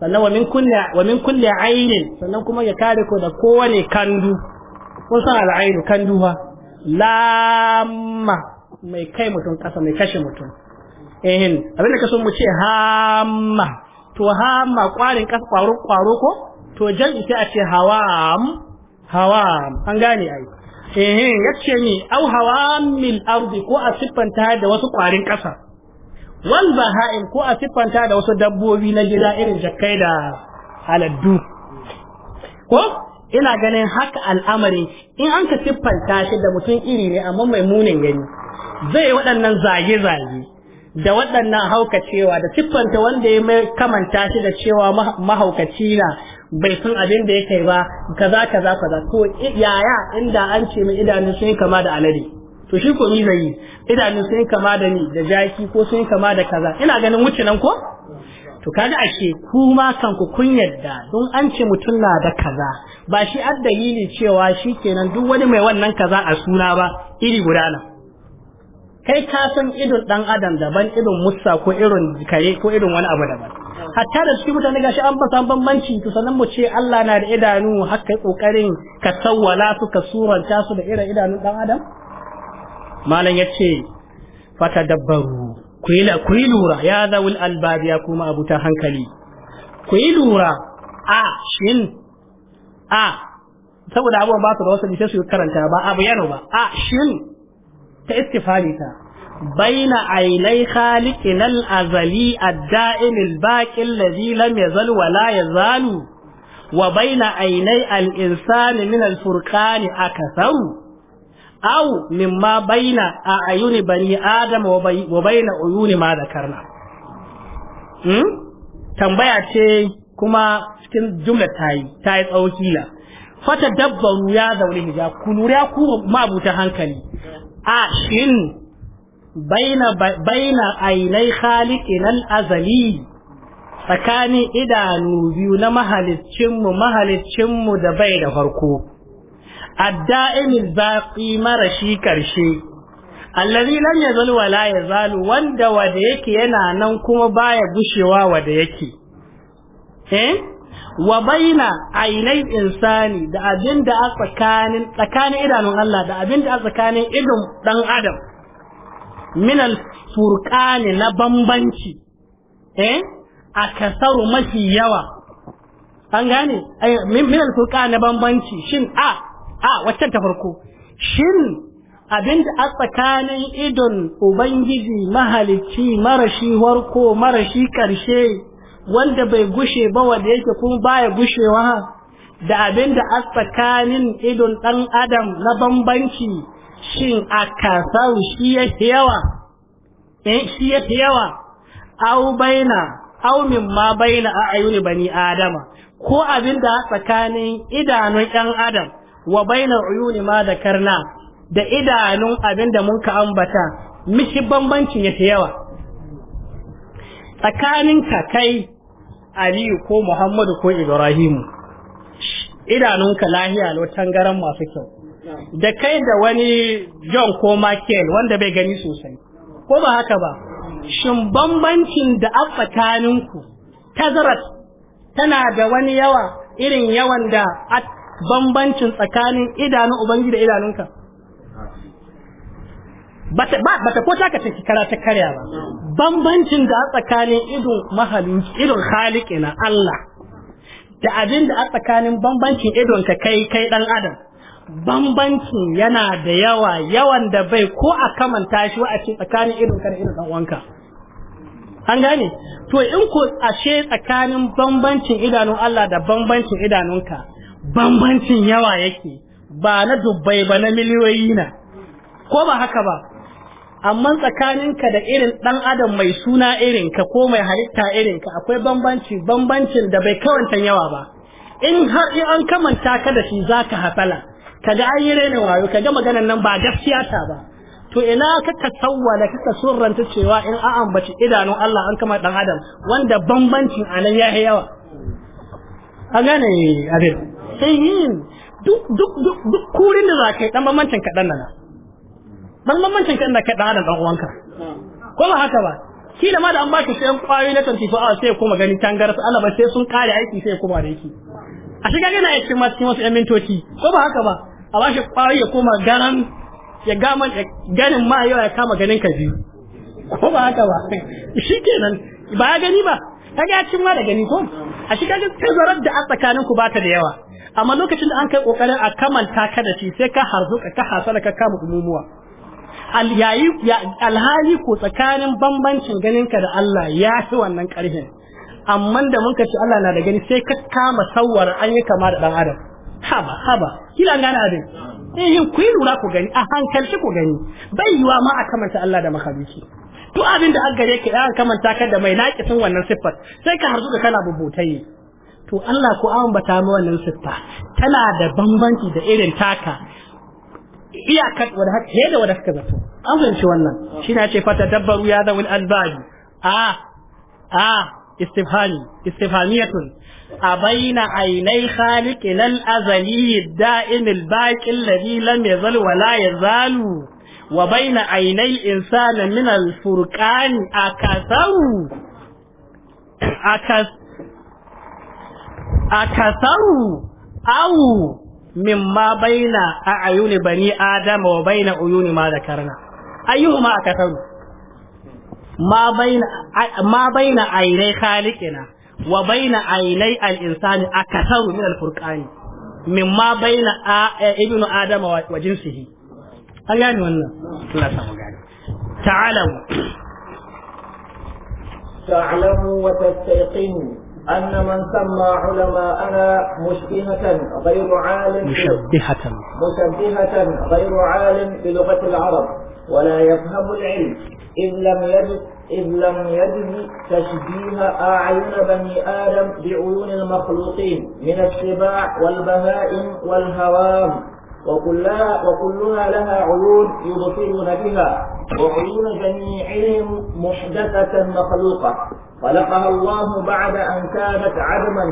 sannan wa min kulli wa min kulli ainin sannan kuma ya kare ku da kowane kandu kun san al'ainu kan duba lamma mai kai mutum ƙasa mai kashe mutum ehin abinda ka so mu ce hamma to hamma kwarin ƙasa kwaro kwaro ko to jan ita a ce hawam hawam an gane ai ehin yace ni au min ardi ko a siffanta da wasu kwarin ƙasa wal baha'im ko a siffanta da wasu dabbobi na gida irin jakkai da aladdu ko ina ganin haka al'amari in an ka siffanta shi da mutum iri ne amma mai munin gani zai waɗannan zage-zage da waɗannan haukacewa da siffanta wanda ya mai kamanta shi da cewa mahaukaci na bai san abin da ya kai ba kaza kaza kaza to yaya inda an ce mai idanu sun kama da alade to shi ko ni zai idanu sun kama da ni da jaki ko sun kama da kaza ina ganin wuce nan ko to kaga ashe ku ma kanku kun yadda don an ce mutum na da kaza ba shi ad dalili cewa shi kenan duk wani mai wannan kaza a suna ba iri gudana kai ka san idon dan adam daban idon musa ko irin kare ko irin wani abu daban hatta da shi mutane gashi an san bambanci to sannan mu ce Allah na da idanu har kai kokarin ka sawwala su ka suranta su da irin idanun dan adam malam yace fatadabbaru ku yi lura ya zawul albab ya kuma abuta hankali ku yi lura a shin a saboda abubuwan ba su da wasu sai su karanta ba abu yano ba a shin ta istifali ta baina ainai khaliqin al-azali ad-da'im al-baqi alladhi lam yazal wa la yazalu wa baina ainai al-insani min al-furqani akasaru aw mimma baina a ayuni bani adam wa baina uyuni ma da hmm? tambaya ce kuma cikin jumla ta yi ta yi fata dabbaru ya zaune hija ku ma ku mabuta hankali a shin baina baina ainai khaliqin al-azali tsakanin idanu biyu na mahaliccinmu mahaliccinmu da bai da farko adda'imin baqi mara shi karshe allazi lam yazal wala yazalu wanda wada yake yana nan kuma baya gushewa wada yake eh wa baina ainai insani da abinda a tsakanin tsakanin idanun Allah da abinda a tsakanin idon dan adam min al furqani na bambanci eh akasaru mafi yawa an gane min al furqani na bambanci shin a a waccan ta farko shin da a tsakanin idon ubangiji mahalicci marashi warko marashi karshe wanda bai gushe ba wanda yake kuma baya gushewa da abin da a tsakanin idon ɗan adam na bambanci shin a kasawu shi ya fi yawa eh, shi ya fi yawa au baina au min ma baina a ayuni bani adama ko abinda a tsakanin idanun ɗan adam wa bainar uyuni ma Karna da idanun abin da mun ka ambata mishi bambancin ya ta yawa tsakanin ka kai aliyu ko muhammadu ko ibrahimu idanunka lahiya lo tangaran masu kyau da kai da wani john ko michael wanda bai gani sosai ko ba haka ba shin bambancin da afakaninku, tsakaninku tazarat tana da wani yawa irin yawan da bambancin tsakanin idanun ubangi da idanunka Ba ta ko ta kace kara ta karya ba bambancin da tsakanin idon mahalin idon khaliqi na Allah da abin da a tsakanin bambancin idon kai kai dan adam bambancin yana da yawa yawan da bai ko a kamanta shi wa a ce tsakanin idon ka da idon dan an gane to in ko ashe tsakanin bambancin idanun Allah da bambancin idanunka bambancin yawa yake ba na dubbai ba na miliyoyi na ko ba haka ba amma tsakaninka da irin dan adam mai suna irinka ko mai halitta irinka akwai bambanci bambancin da bai kawanta yawa ba in har in an kamanta ka da shi za ka hasala kaga an yi rena wayo kaga maganan nan ba gaskiya ta ba to ina kaka sawwala kaka surranta cewa in an ambaci idanun Allah an kama dan adam wanda bambancin anan yi yawa a gane abin sai yin duk duk duk duk kurin da zaka yi dan bambancin kaɗan nan dan bambancin kaɗan kai dan adam dan uwanka ko ba haka ba shi da ma da an ba shi sai an kwayoyi na 24 fa sai koma gani tangar su Allah ba sai sun kare aiki sai koma da yake a shiga yana ya cikin masu wasu 'yan mintoci ko ba haka ba a ba shi kwayoyi ya koma garan ya gama ganin ma yau ya kama ganin ka biyu ko ba haka ba shi kenan ba ya gani ba kaga ya cin ma da gani ko a shiga gina tazarar da a tsakaninku ba bata da yawa amma lokacin da an kai kokarin a kamanta ka da shi sai ka harzuka ka hasala ka kama umumuwa alhali ko tsakanin bambancin ganinka da Allah ya fi wannan karhin amma da mun ka ci Allah na da gani sai ka kama sawar an yi kama da dan adam haba haba kila gana abin eh ku yi lura ku gani a hankalci ku gani bai yiwa ma a kamanta Allah da makabiki duk abin da an gare ka an kamanta ka da mai naƙisin wannan siffar sai ka ka kana bubutai to Allah ko an bata mu wannan sifa tana da bambanci da irin taka iyakar wadda haka ne da wadda haka zato an fahimci wannan shi na ce fata dabbaru ya zawul albabi a a istifhani istifhamiyatun a baina ainai khaliqil azali da'imil albaqi alladhi lam yazal wa la yazalu wa baina ainai insana min alfurqan furqan akasaru akas akasaru aw mimma baina a'yuni bani adama wa baina uyuni ma zakarna ayyuhuma akasaru ma baina ma baina aynai khaliqina wa baina aynai al-insani akasaru min al min mimma baina eh, ibnu adama wa jinsihi an gani wannan Allah ta magana gane ta'alamu ta'lamu wa tastayqinu أن من سمى علماءنا مشبهة غير عالم مشبهة مشبهة غير عالم بلغة العرب ولا يفهم العلم إذ لم يجد إذ لم يجد تشبيه أعين بني آدم بعيون المخلوقين من السباع والبهائم والهوام وكلها, وكلها لها عيون يبصرون بها وعيون جميعهم محدثة مخلوقة خلقها الله بعد أن كانت عدما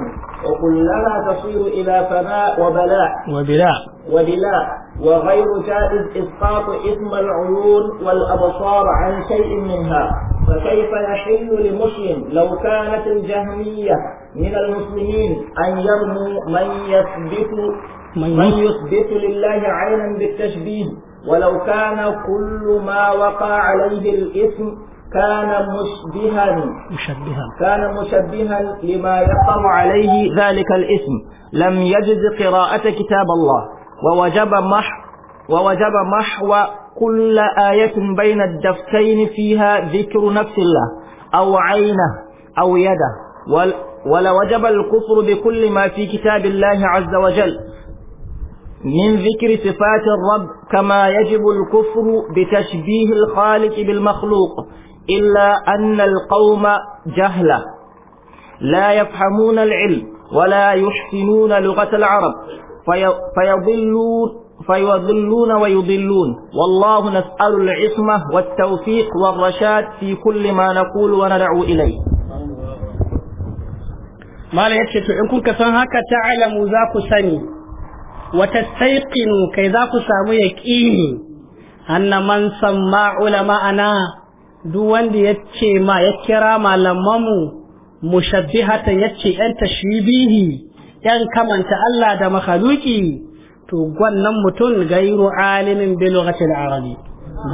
وكلها تصير إلى فناء وبلاء وبلاء وبلاء وغير جائز إسقاط إثم العيون والأبصار عن شيء منها فكيف يحل لمسلم لو كانت الجهمية من المسلمين أن يرموا من يثبت من يثبت لله عينا بالتشبيه ولو كان كل ما وقع عليه الإثم كان مشبها مشبها كان مشبها لما يقع عليه ذلك الاسم لم يجز قراءة كتاب الله ووجب محو ووجب محو كل آية بين الدفتين فيها ذكر نفس الله أو عينه أو يده ولوجب الكفر بكل ما في كتاب الله عز وجل من ذكر صفات الرب كما يجب الكفر بتشبيه الخالق بالمخلوق إلا أن القوم جهلة لا يفهمون العلم ولا يحسنون لغة العرب فيضلون فيضلون ويضلون والله نسأل العصمة والتوفيق والرشاد في كل ما نقول وندعو إليه ما لا يكشف إن كنت سنهاك تعلم ذاك سني wata saiƙinu kai za ku samu ya ƙini annaman samma ulama ana duk wanda ya ce ma ya kira malamanmu mushabbihatan ya ce ‘yan tashbihi ‘yan kamanta Allah da makhaluki to gwannan mutum gairu alimin bi lokacin arabi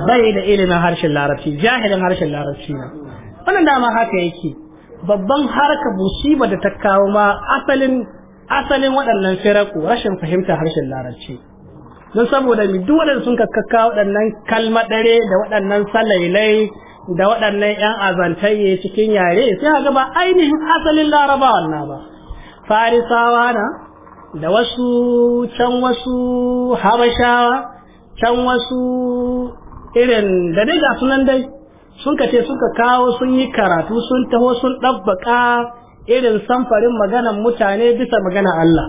bai da ilimin harshen larabci jahilin harshen larabci na wannan dama haka yake babban harka musiba da ta kawo ma asalin asalin waɗannan firaku rashin fahimta harshen larabci don saboda mi duk waɗanda sun kakkaka waɗannan kalmaɗare da waɗannan salailai da waɗannan 'yan azantayye cikin yare sai ga ba ainihin asalin larabawan na ba farisawa na da wasu can wasu habashawa can wasu irin da dai ga sunan dai sun ka ce suka kawo sun yi karatu sun taho sun ɗabbaƙa irin samfarin maganan mutane bisa magana Allah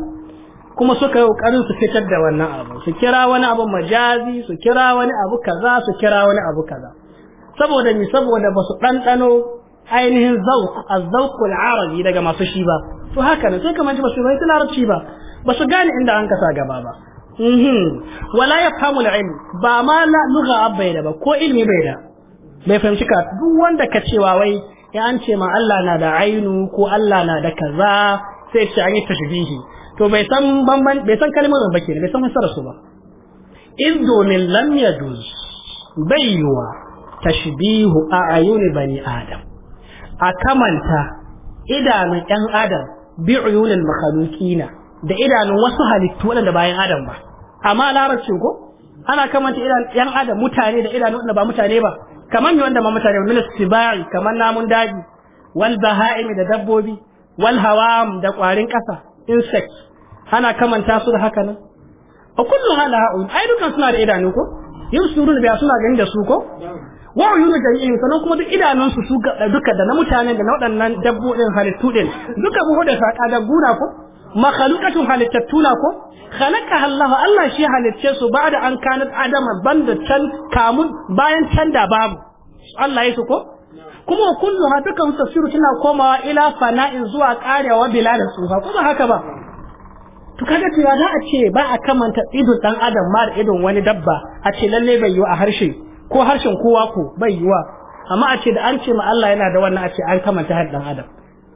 kuma suka yi ƙoƙarin su fitar da wannan abu su kira wani abu majazi su kira wani abu kaza su kira wani abu kaza saboda ni saboda ba su ɗanɗano ainihin zauk azzaukul arabi daga masu shi ba to haka ne sai kamar ba su bai larabci ba ba su gane inda an kasa gaba ba mhm. wala ya famu ilmi ba ma lugha bai da ba ko ilmi bai da bai fahimci ka duk wanda ka cewa wai in an ce ma Allah na da ainu ko Allah na da kaza sai shi an yi tashbihi to bai san banban bai san kalmar ba ke bai san masar su ba in domin lam yajuz bai tashbihu a ayuni bani adam a kamanta idanun ɗan adam bi uyunil makhluqina da idanun wasu halittu wanda bayan adam ba amma larabcin ko ana kamanta idan yan adam mutane da idanun wanda ba mutane ba kamar mi wanda mamata ne min sibai kamar namun daji wal bahaimi da dabbobi wal hawam da kwarin kasa insect ana kamanta su da haka nan a kullu ha'un ai dukan suna da idanu ko yin surun biya suna gani da su ko wa da jami'in sanan kuma duk idanun su su duka da na mutane da na waɗannan dabbobin halittu din duka buhu da saka da guna ko makhluqatun halittattuna ko khalaqa Allah Allah shi halicce su ba da an kanat adama banda can kamun bayan can da babu Allah ya su ko kuma kullu ha dukan tafsiru tana komawa ila fana'in zuwa karewa bila da su ko haka ba to kaga to ya za a ce ba a kamanta idon dan adam ma da idon wani dabba a ce lalle bai yi a harshe ko harshen kowa ko bai yi wa? amma a ce da an ce ma Allah yana da wannan a ce an kamanta har dan adam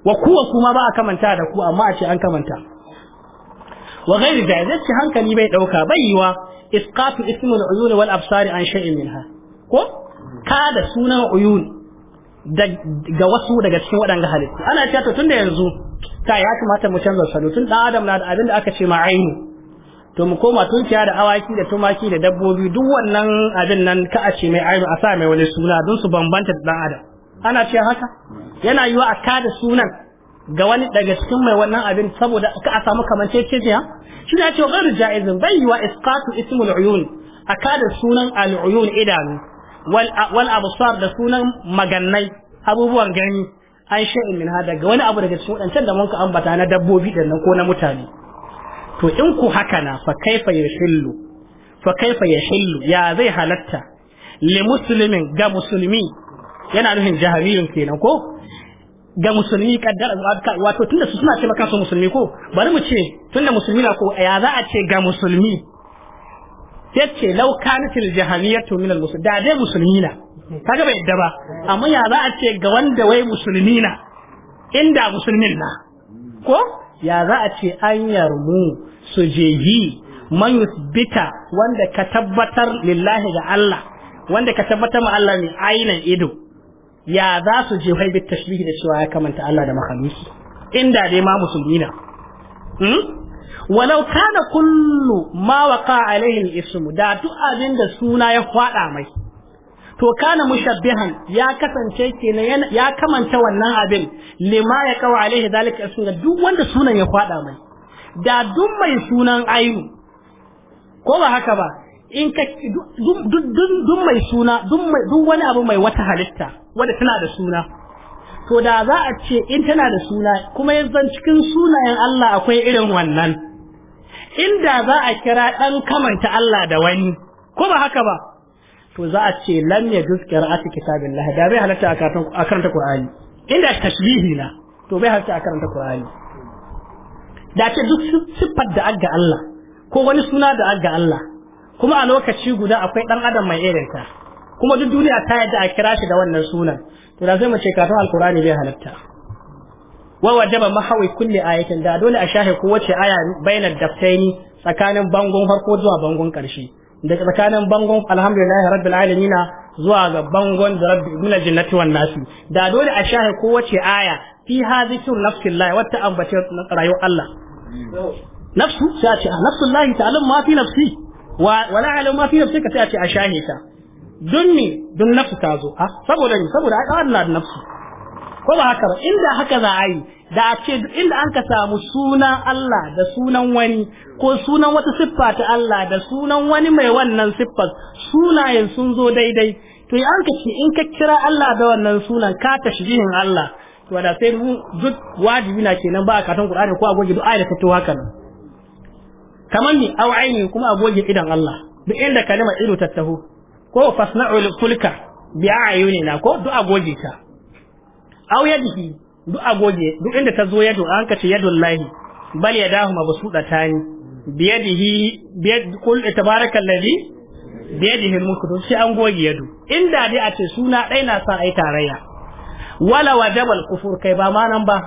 wa kuwa kuma ba a kamanta da ku amma a ce an kamanta wa ghairi da zai hankali bai dauka bai yiwa isqatu ismul uyun wal absari an shay'in minha ko da sunan uyun ga wasu daga cikin waɗanga halittu ana cewa tun da yanzu ta ya kamata mu canza salo tun dan adam na da abin da aka ce ma ainu to mu koma tunkiya da awaki da tumaki da dabbobi duk wannan abin nan ka a ce mai ainu a sa mai wani suna don su bambanta da dan adam ana ce haka yana yiwa a kada sunan ga wani daga cikin mai wannan abin saboda ka a samu kamanceceniya shi ne ce wa gari jaizin bai yiwa iskatu ismul uyun a kada sunan al'uyun idanu wal wal absar da sunan magannai abubuwan gani an sha'in min hada ga wani abu daga cikin wadancan da mun ambata na dabbobi da nan ko na mutane to in ku haka na fa kaifa yashillu fa kaifa yashillu ya zai halatta li muslimin ga musulmi yana nufin jahamiyun kenan ko ga musulmi kaddara wato tunda su suna ce maka su musulmi ko bari mu ce tunda musulmi na ko ya za a ce ga musulmi yace law kanatil al jahamiyatu min musulmi da dai musulmi na kaga bai yadda ba amma ya za a ce ga wanda wai musulmi na inda musulmin na ko ya za a ce an yarmu su jeji man yusbita wanda ka tabbatar lillahi ga Allah wanda ka tabbatar ma Allah ne ainin ido ya za su je haibit tashbihi da cewa ya kamanta Allah da makhluki inda dai ma musulmi na hmm? walau kana kullu ma waqa alaihi al-ismu da duk abin da suna ya fada mai to kana mushabbihan ya kasance kenan ya kamanta wannan abin lima ya kawo alaihi zalika ismu duk wanda sunan ya fada mai da duk mai sunan ayu ko ba haka ba in ka duk mai suna duk wani abu mai wata halitta wadda tana da suna to da za a ce in tana da suna kuma yanzan cikin sunayen Allah akwai irin wannan inda za a kira dan kamanta Allah da wani ko ba haka ba to za a ce lam ya duskira a kitabin Allah da bai halatta a karanta Qur'ani inda tashbihi na to bai halatta a karanta Qur'ani da ce duk siffar da aga Allah ko wani suna da aga Allah kuma a lokaci guda akwai dan adam mai irin ta kuma duk duniya ta yadda a kira shi da wannan sunan to da sai mu ce katon alkurani bai halatta wa wajaba mahawi kulli ayatin da dole a shahe kowace aya bainar daftaini tsakanin bangon farko zuwa bangon karshe da tsakanin bangon alhamdulillahi rabbil alamin zuwa ga bangon da rabbi min aljannati wan nasi da dole a shahe kowace aya fi hadhihi nafsillah wata ambace rayuwar Allah nafsu sai a ce ah, nafsullahi ta'alam ma fi nafsi wala alam ma fi nafsika sai a ce a shahe ta dun ne dun nafsu ta zo ah, saboda ni saboda ai Allah da nafsu ko ba haka ba inda haka za a yi da a ce inda an ka samu sunan Allah da sunan wani ko sunan wata siffa ta Allah da sunan wani mai wannan siffar sunayen sun zo daidai to an ka ce in ka kira Allah da wannan sunan ka jinin Allah to da sai mu duk wajibi na kenan ba a katon Qur'ani ko a goge duk ayat ta to haka nan kamar ni aw aini kuma a goge idan Allah duk inda kalima ido ta taho ko fasna'ul fulka bi na ko duk a goge ta aw yadihi duk a goge duk inda ta zo yado an ka ce yadul lahi bal yadahu mabsudatani bi yadihi bi yad kul tabarakallazi bi yadihi mulku to shi an goge yado inda dai a ce suna dai na sa ai tarayya wala wajabal kufur kai ba ma nan ba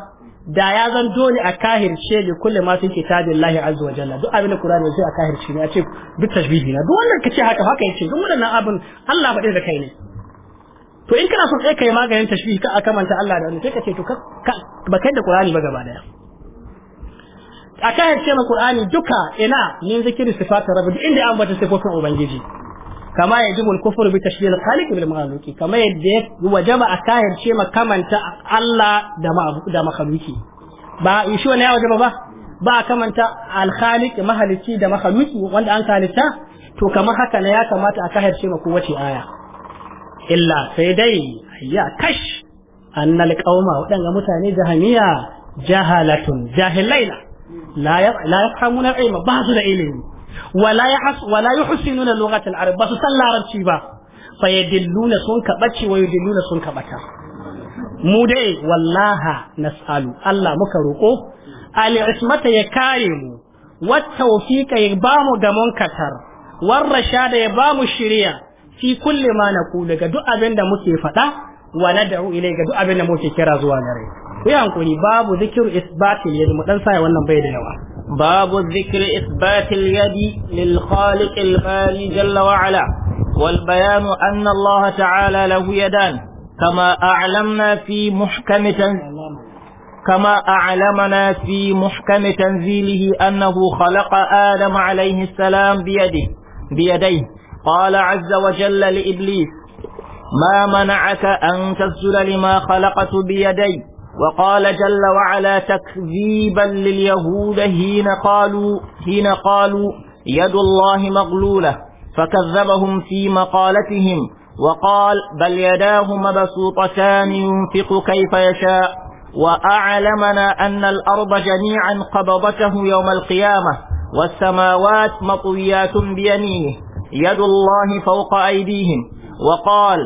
da ya zan dole a kahirce li kulli ma fi kitabillahi azza wa jalla duk abin da Qur'ani sai a kahirce ne a ce duk tashbihi na duk wannan kace haka haka yace duk wannan abin Allah faɗi da kai ne to in kana son kai kai maganin tashbihi ka aka manta Allah da wannan sai ka ce to ba kai da Qur'ani ba gaba daya a kahirce ma Qur'ani duka ina min zikiri sifatar rabbi inda an bata sifofin ubangiji kama ya al-kufru bi tashbih al-khaliq bil makhluqi kama yadda wajaba a kahirce makamanta Allah da da makhluqi ba shi wannan ya wajaba ba ba a kamanta al-khaliq mahalici da makhluqi wanda an halitta to kamar haka na ya kamata a kahirce ma kowace aya illa sai dai ya kash annal qauma waɗanga mutane jahamiya jahalatun jahilaina la yafhamuna ba su da ilimi wala yahs wala yuhsinuna lughatal arab basu san larabci ba fa yadilluna sun kabace wa yadilluna sun kabata mu dai wallaha nas'alu Allah muka roko al-ismata ya kare mu wat tawfiqa ya ba mu ga munkatar war rashada ya ba mu shiriya fi kulli ma naqulu daga duk abin da muke faɗa wa nad'u ilai ga duk abin da muke kira zuwa gare ku yi hankuri babu zikiru isbatil yadda mu ɗan sa wannan bai da yawa باب الذكر إثبات اليد للخالق الباري جل وعلا والبيان أن الله تعالى له يدان كما أعلمنا في محكم كما أعلمنا في محكم تنزيله أنه خلق آدم عليه السلام بيده بيديه قال عز وجل لإبليس ما منعك أن تسجد لما خلقت بيدي وقال جل وعلا تكذيبا لليهود حين قالوا حين قالوا يد الله مغلولة فكذبهم في مقالتهم وقال بل يداه مبسوطتان ينفق كيف يشاء وأعلمنا أن الأرض جميعا قبضته يوم القيامة والسماوات مطويات بيمينه يد الله فوق أيديهم وقال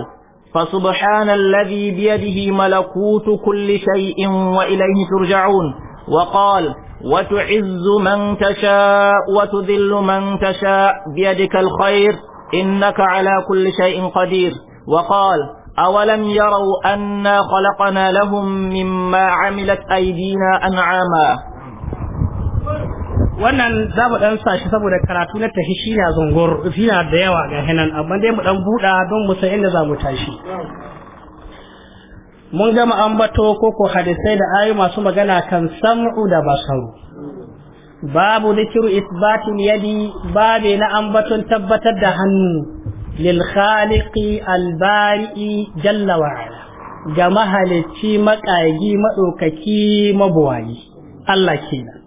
فسبحان الذي بيده ملكوت كل شيء وإليه ترجعون وقال وتعز من تشاء وتذل من تشاء بيدك الخير إنك على كل شيء قدير وقال أولم يروا أنا خلقنا لهم مما عملت أيدينا أنعاما wannan za mu dan sashi saboda karatu na tafi shi na zungur shi na da yawa ga hinan amma dai mu dan buɗa don mu san inda za mu tashi mun gama ambato ko ko hadisai da ayi masu magana kan sam'u da basaru babu dhikru Isbatin yadi babe na ambaton tabbatar da hannu lil khaliqi al bari jalla wa ala ga mahalicci maƙagi maɗaukaki mabuwayi Allah kenan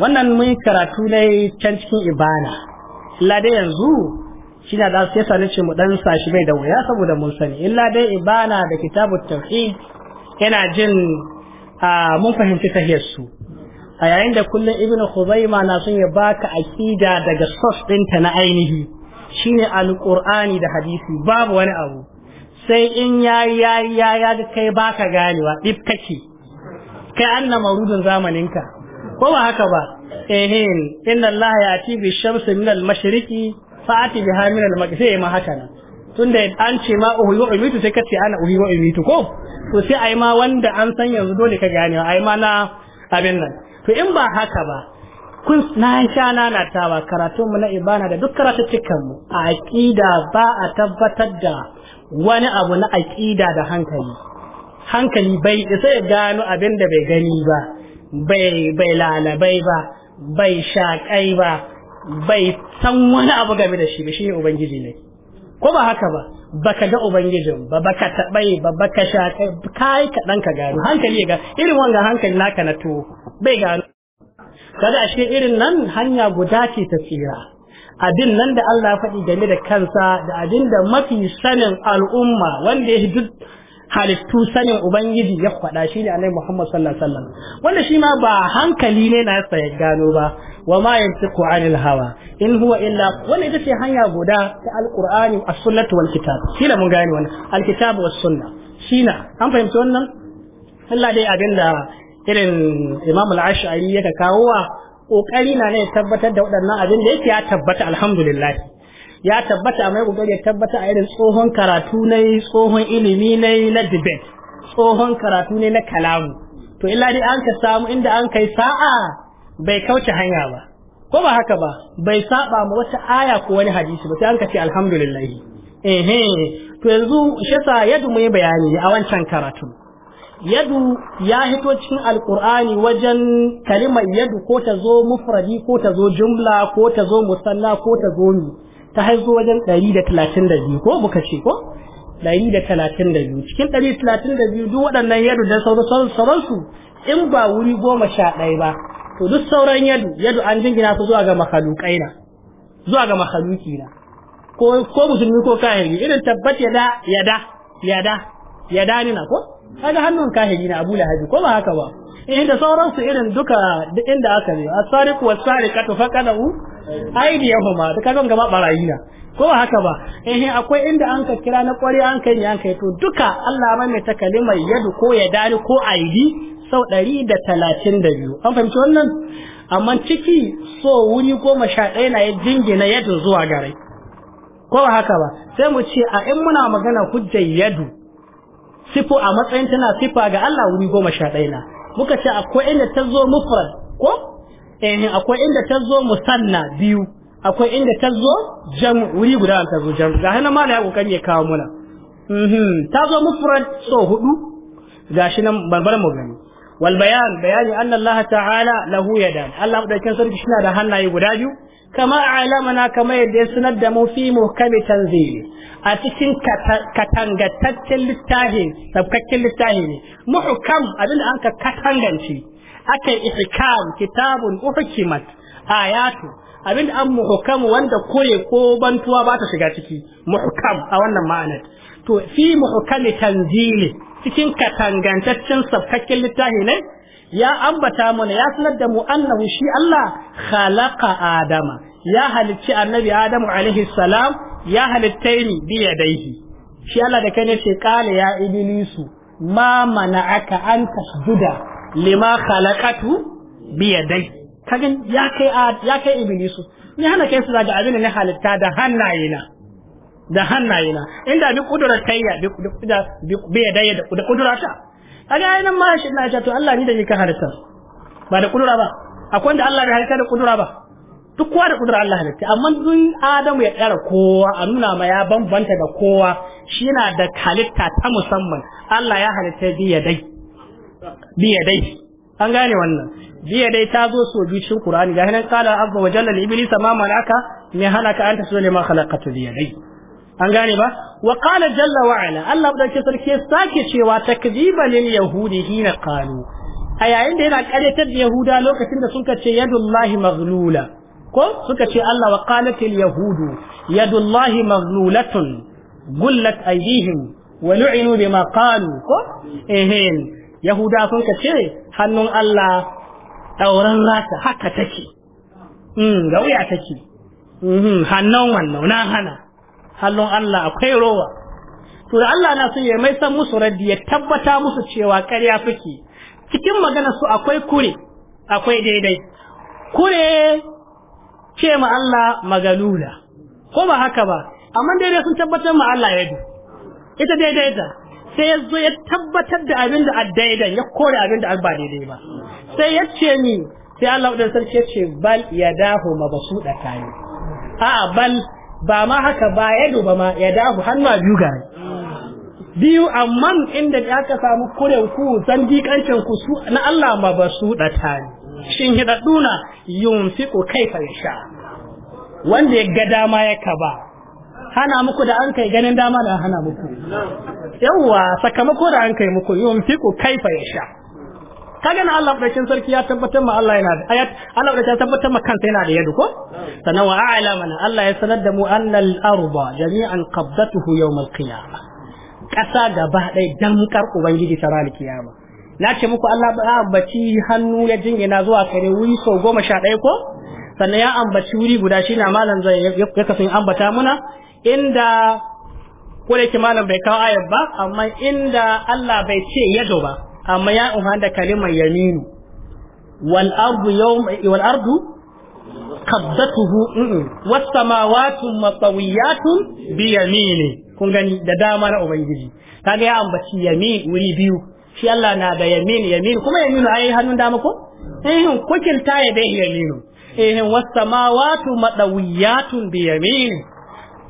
wannan mun karatu ne can cikin ibana illa dai yanzu shi na da sai sani ce mu dan sashi shi bai da wuya saboda mun sani illa dai ibana da kitabun tauhid yana jin mun fahimci ta su a yayin da kullum ibnu khuzaima na son ya baka aqida daga source ɗinta na ainihi shine alqur'ani da hadisi babu wani abu sai in yayi yayi ya ga kai baka ganewa dip kake kai anna marudin zamaninka ko ba haka ba ehin inna allaha yati bi shamsi min al mashriqi fa ati biha min al maghribi ma haka nan tunda an ce ma uhu yu umitu sai kace ana uhu yu umitu ko to sai ai ma wanda an san yanzu dole ka gane ai ma na abin nan to in ba haka ba kun na sha tawa karatu mu na ibana da duk karatuttukan mu a aqida ba a tabbatar da wani abu na aqida da hankali hankali bai sai gano abin da bai gani ba bai lalabai ba bai shaƙai ba bai san wani abu game da shi ba shi ne ubangiji ne ko ba haka ba baka ga ubangijin ba baka taɓai ba baka shaƙai kai kaɗan ka gano hankali ga irin wanga hankali naka na tuwo bai gano kada shi irin nan hanya guda ce ta tsira abin nan da Allah faɗi game da kansa da abin da mafi sanin al'umma wanda ya duk halittu sanin ubangiji ya faɗa shi ne annabi Muhammad sallallahu alaihi wasallam wanda shi ma ba hankali ne na sa ya gano ba wa ma yantiqu anil hawa in huwa illa wanda ita ce hanya guda ta alqur'ani as-sunnah wal kitab shi mun gane wannan al was sunna shi an fahimci wannan Allah dai abinda irin Imam al-Ash'ari yake kawowa kokari na ne tabbatar da waɗannan abin da yake ya tabbata alhamdulillah ya tabbata mai kokari ya tabbata a irin tsohon karatu ne tsohon ilimi ne na debate tsohon karatu ne na kalamu to illa dai an ka samu inda an kai sa'a bai kauce hanya ba ko ba haka ba bai saba ma wata aya ko wani hadisi ba sai an ka ce alhamdulillah eh to yanzu shasa yadu mai bayani a wancan karatu yadu ya hito cikin alkur'ani wajen kalimar yadu ko ta zo mufradi ko ta zo jumla ko ta zo musalla ko ta zo mi ta haizo wajen 132 ko muka ce ko 132 cikin 132 duk waɗannan yadu da sauran sauransu in ba wuri goma sha ɗaya ba to duk sauran yadu yadu an jingina su zuwa ga makhalukai na zuwa ga makhaluki na ko ko musulmi ko kahiri irin tabbat yada yada yada yada ni na ko kaga hannun kahiri na Abu Lahabi ko ba haka ba inda eh, da sauransu irin duka inda aka biyo as-sariqu was-sariqatu faqadu aydiyahuma da kaga gaba barayi na ko haka ba eh akwai inda an ka kira na kwari an kai an kai to duka Allah mai ta kalimar yadu ko ya dari ko aidi sau 132 an fahimci wannan amma ciki so wuri goma sha ɗaya na ya jingina yadu zuwa gare ko ba haka ba sai mu ce a in muna magana hujjar yadu sifo a matsayin tana sifa ga Allah wuri goma sha ɗaya na muka ce akwai inda ta zo mufrad ko eh akwai inda ta zo musanna biyu akwai inda ta zo jam'u wuri guda ta zo jam'u ga hana mala ya kokari ya kawo muna mhm ta zo mufrad so hudu gashi nan barbar mu gani wal bayan bayani anna Allah ta'ala lahu yadan Allah madaukakin sarki shi da hannaye guda biyu kama alamana kama yadda ya sanar da mu fi muhkami tanzili a cikin katangataccen littafi sabkakken littafi ne muhkam abinda an ka katangance aka ihkam kitabun uhkimat ayatu abinda an muhkam wanda koye ko bantuwa ba ta shiga ciki muhkam a wannan ma'anar to fi muhkami tanzili cikin katangantaccen sabkakken littafi ne ya ambata mana ya sanar da mu annahu shi Allah khalaqa adama ya halicci annabi adamu alaihi salam ya halittaini bi yadaihi shi Allah da kane ne ce kale ya iblisu ma mana'aka an tasjuda lima khalaqatu bi yadai kagin ya kai ya kai iblisu ni hana kai su daga abin da na halitta da hannayena da hannayena inda bi kudurar tayya bi bi bi yadai da kudurata kaga ai nan ma shi na to Allah ni da yake ka halitta ba da kudura ba akwai da Allah ya halitta da kudura ba duk kowa da kudura Allah halitta amma dun Adamu ya tsara kowa a nuna ma ya bambanta da kowa shi na da halitta ta musamman Allah ya halitta biya dai biya dai an gane wannan biya dai ta zo so bi cikin Qur'ani ga hinan qala azza wa jalla li iblisa ma malaka me halaka anta sulaiman khalaqata biya dai an gane ba wa qala jalla wa ala Allah madaukakin sarki sake cewa takdiba lil yahudi hina qalu a yayin da yana karyatar da yahuda lokacin da suka ce yadullahi maghlula ko suka ce Allah wa qalat al yahudu yadullahi maghlulatun gullat aydihim wa lu'inu bima qalu ko ehin yahuda sun ka ce hannun Allah dauran rata haka take mm ga wuya take hmm, hmm, hannun wannan na hana hallon Allah akwai rowa to da Allah na sun ya mai san musu raddi ya tabbata musu cewa karya suke cikin magana su akwai kure akwai daidai kure ce ma Allah magalula ko ba haka ba amma daidai sun tabbatar ma Allah ya ita daidai ta sai ya zo ya tabbatar da abin da addaidan ya kore abin da ba daidai ba sai ya ce ni sai Allah sarki ya ce bal yadahu mabsuda tani a'a bal ba ma haka ba ya duba ma ya dahu hannu biyu gare biyu amma inda aka samu kuren ku san dikancin ku su na Allah ma ba su da tani shin kai fa ya sha. wanda ya ga dama ya kaba hana muku da an kai ganin dama da hana muku yawwa sakamako da an kai muku fi fa ya sha. kaga na Allah madaukakin sarki ya tabbatar ma Allah yana da ayat Allah madaukakin tabbatar ma kansa yana da yadu ko sannan wa mana Allah ya sanar da mu annal arda jami'an qabdatuhu yawm al qiyama kasa gaba dai dankar ubangiji ta ranar kiyama na ce muku Allah ba ambaci hannu ya jingina zuwa kare wuri so goma sha ɗaya ko sannan ya ambaci wuri guda shi na malam zai ya kasu ambata muna inda ko da malam bai kawo ayat ba amma inda Allah bai ce yado ba amma ya umar da kalimar yaminu wal ardu yawma wal ardu qabdatuhu was samawati matawiyatun bi yamini kun gani da dama na ubangiji kaga ya ambaci yamin wuri biyu shi Allah na da yamin yamin kuma yaminu ai hannun dama ko eh kukin ta ya da yaminu eh was samawati matawiyatun bi yamini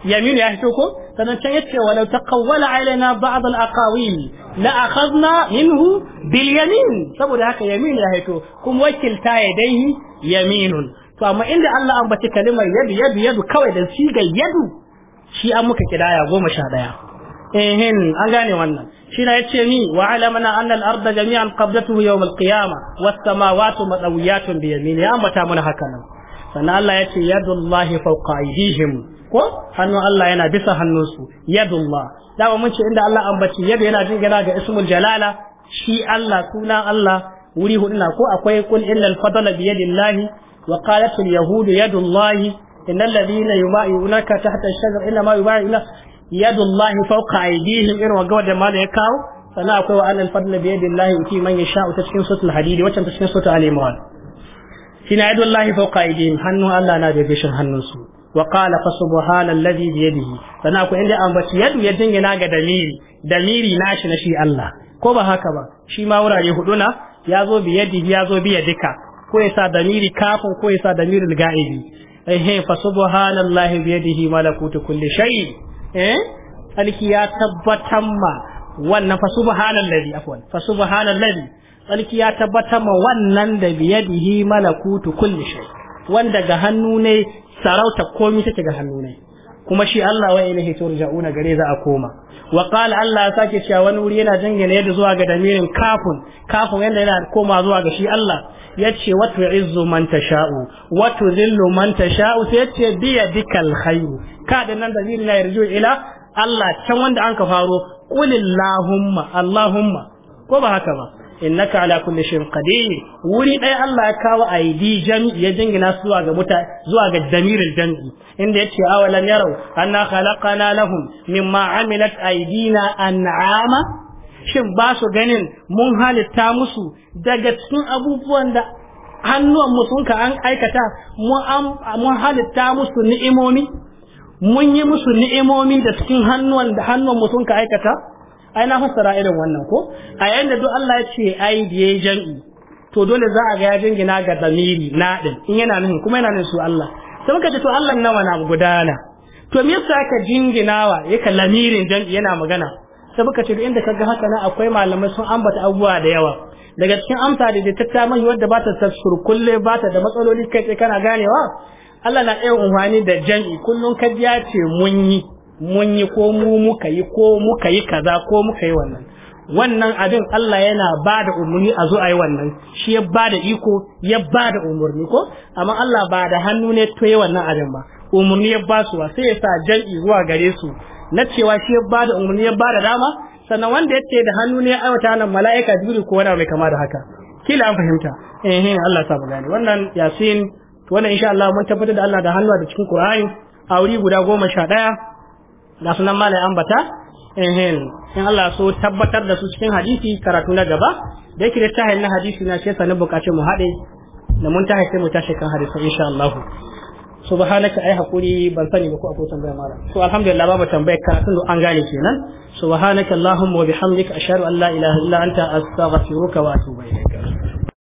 yaminu ya fito ko sannan can yace walau taqawwala alaina ba'd al-aqawil la akhadna minhu bil yamin saboda haka yamin ya haito kuma wakilta yadayhi yaminun to amma inda Allah an bace kalimar yadu yadu yadu kawai da ga yadu shi an muka kidaya goma sha daya an gane wannan shi na yace ni wa alamana anna al-ard jami'an qabdatuhu yawm al-qiyamah was samawati madawiyatun bi yamin ya ambata mana haka nan sannan Allah yace yadullahi fawqa aydihim ko hannun Allah yana bisa hannunsu yadullah dama mun ce inda Allah ambaci yadda yana jingina ga ismul jalala shi Allah suna Allah wuri hudu na ko akwai kun kul illal fadla bi yadillahi wa qalatul yahud yadullahi innal ladina yumayunaka tahta ash-shajar illa ma yumayuna yadullahi fawqa aydihim irin wa gawa da mala ya kawo sannan akwai wa annal fadla bi yadillahi yuti man yasha ta cikin suratul hadid wacce ta cikin suratul al-imran shine yadullahi fawqa aydihim hannu Allah na da bishin hannunsu wa qala fa subhana alladhi bi yadihi sannan akwai inda ambaci yadu ya dingina ga damiri damiri nashi na shi Allah ko ba haka ba shi ma wurare hudu na ya zo bi yadihi ya zo bi yadika ko ya sa damiri kafin ko ya sa damirin ga'ibi eh fa subhana allahi bi yadihi malakutu kulli shay eh alki ya tabbatar ma wannan fa subhana alladhi afwan fa subhana alladhi alki ya tabbatar ma wannan da bi yadihi malakutu kulli shay wanda ga hannu ne sarauta komai take ga hannu ne kuma shi Allah wa ilaihi turja'una gare za a koma wa qala Allah ya sake cewa wani wuri yana jingina yadda zuwa ga damirin kafun kafun yadda yana koma zuwa ga shi Allah yace wa tu'izzu man tasha'u wa tudhillu man tasha'u sai yace biya yadikal khayru ka da nan damirin ya yarju ila Allah can wanda an ka faro qul allahumma ko ba haka ba innaka ala kulli shay'in qadir wuri dai Allah ya kawo aidi jami ya jingina zuwa ga muta zuwa ga damiril jami inda yace awalan yarau anna khalaqana lahum mimma amilat aidina an'ama shin ba su ganin mun halitta musu daga cikin abubuwan da hannuwan mu sun ka an aikata mun halitta musu ni'imomi mun yi musu ni'imomi da cikin hannuwan da hannuwan mu sun ka aikata ai na fassara irin wannan ko a yayin da duk Allah ya ce ai da yayin jam'i to dole za a ga ya jingina ga zamiri na din in yana nufin kuma yana nan su Allah sai muka ce to Allah nawa na gudana to me yasa ka jinginawa yaka lamirin jam'i yana magana sai muka ce inda kaga haka na akwai malamai sun ambata abubuwa da yawa daga cikin amsa da ta ta mai wanda ba ta tafsir kulle ba ta da matsaloli kai kana ganewa Allah na iya umarni da jam'i kullun kaji ya ce mun yi mun yi ko mu muka yi ko muka yi kaza ko muka yi wannan wannan abin Allah yana ba da umarni a zo a yi wannan shi ya ba da iko ya ba da umarni ko amma Allah ba da hannu ne to yi wannan abin ba umarni ya ba su sai ya sa jan'i zuwa gare su na cewa shi ya ba da umarni ya ba da dama sannan wanda ya da hannu ne ya aiwata nan mala'ika jibril ko wani mai kama da haka kila an fahimta eh eh Allah sa gane wannan yasin wannan insha Allah mun tabbatar da Allah da hannu da cikin Qur'ani a guda goma sha ɗaya ga sunan malai ambata ehen in Allah so tabbatar da su cikin hadisi karatu na gaba da yake da tahin na hadisi na sai sanin bukace mu haɗe da mun tahi sai mu tashi kan hadisi insha Allah subhanaka ai hakuri ban sani ba ko akwai tambaya mara to alhamdulillah babu tambaya karatun da an gane kenan subhanaka allahumma wa bihamdika ashhadu an la ilaha illa anta astaghfiruka wa atubu ilaik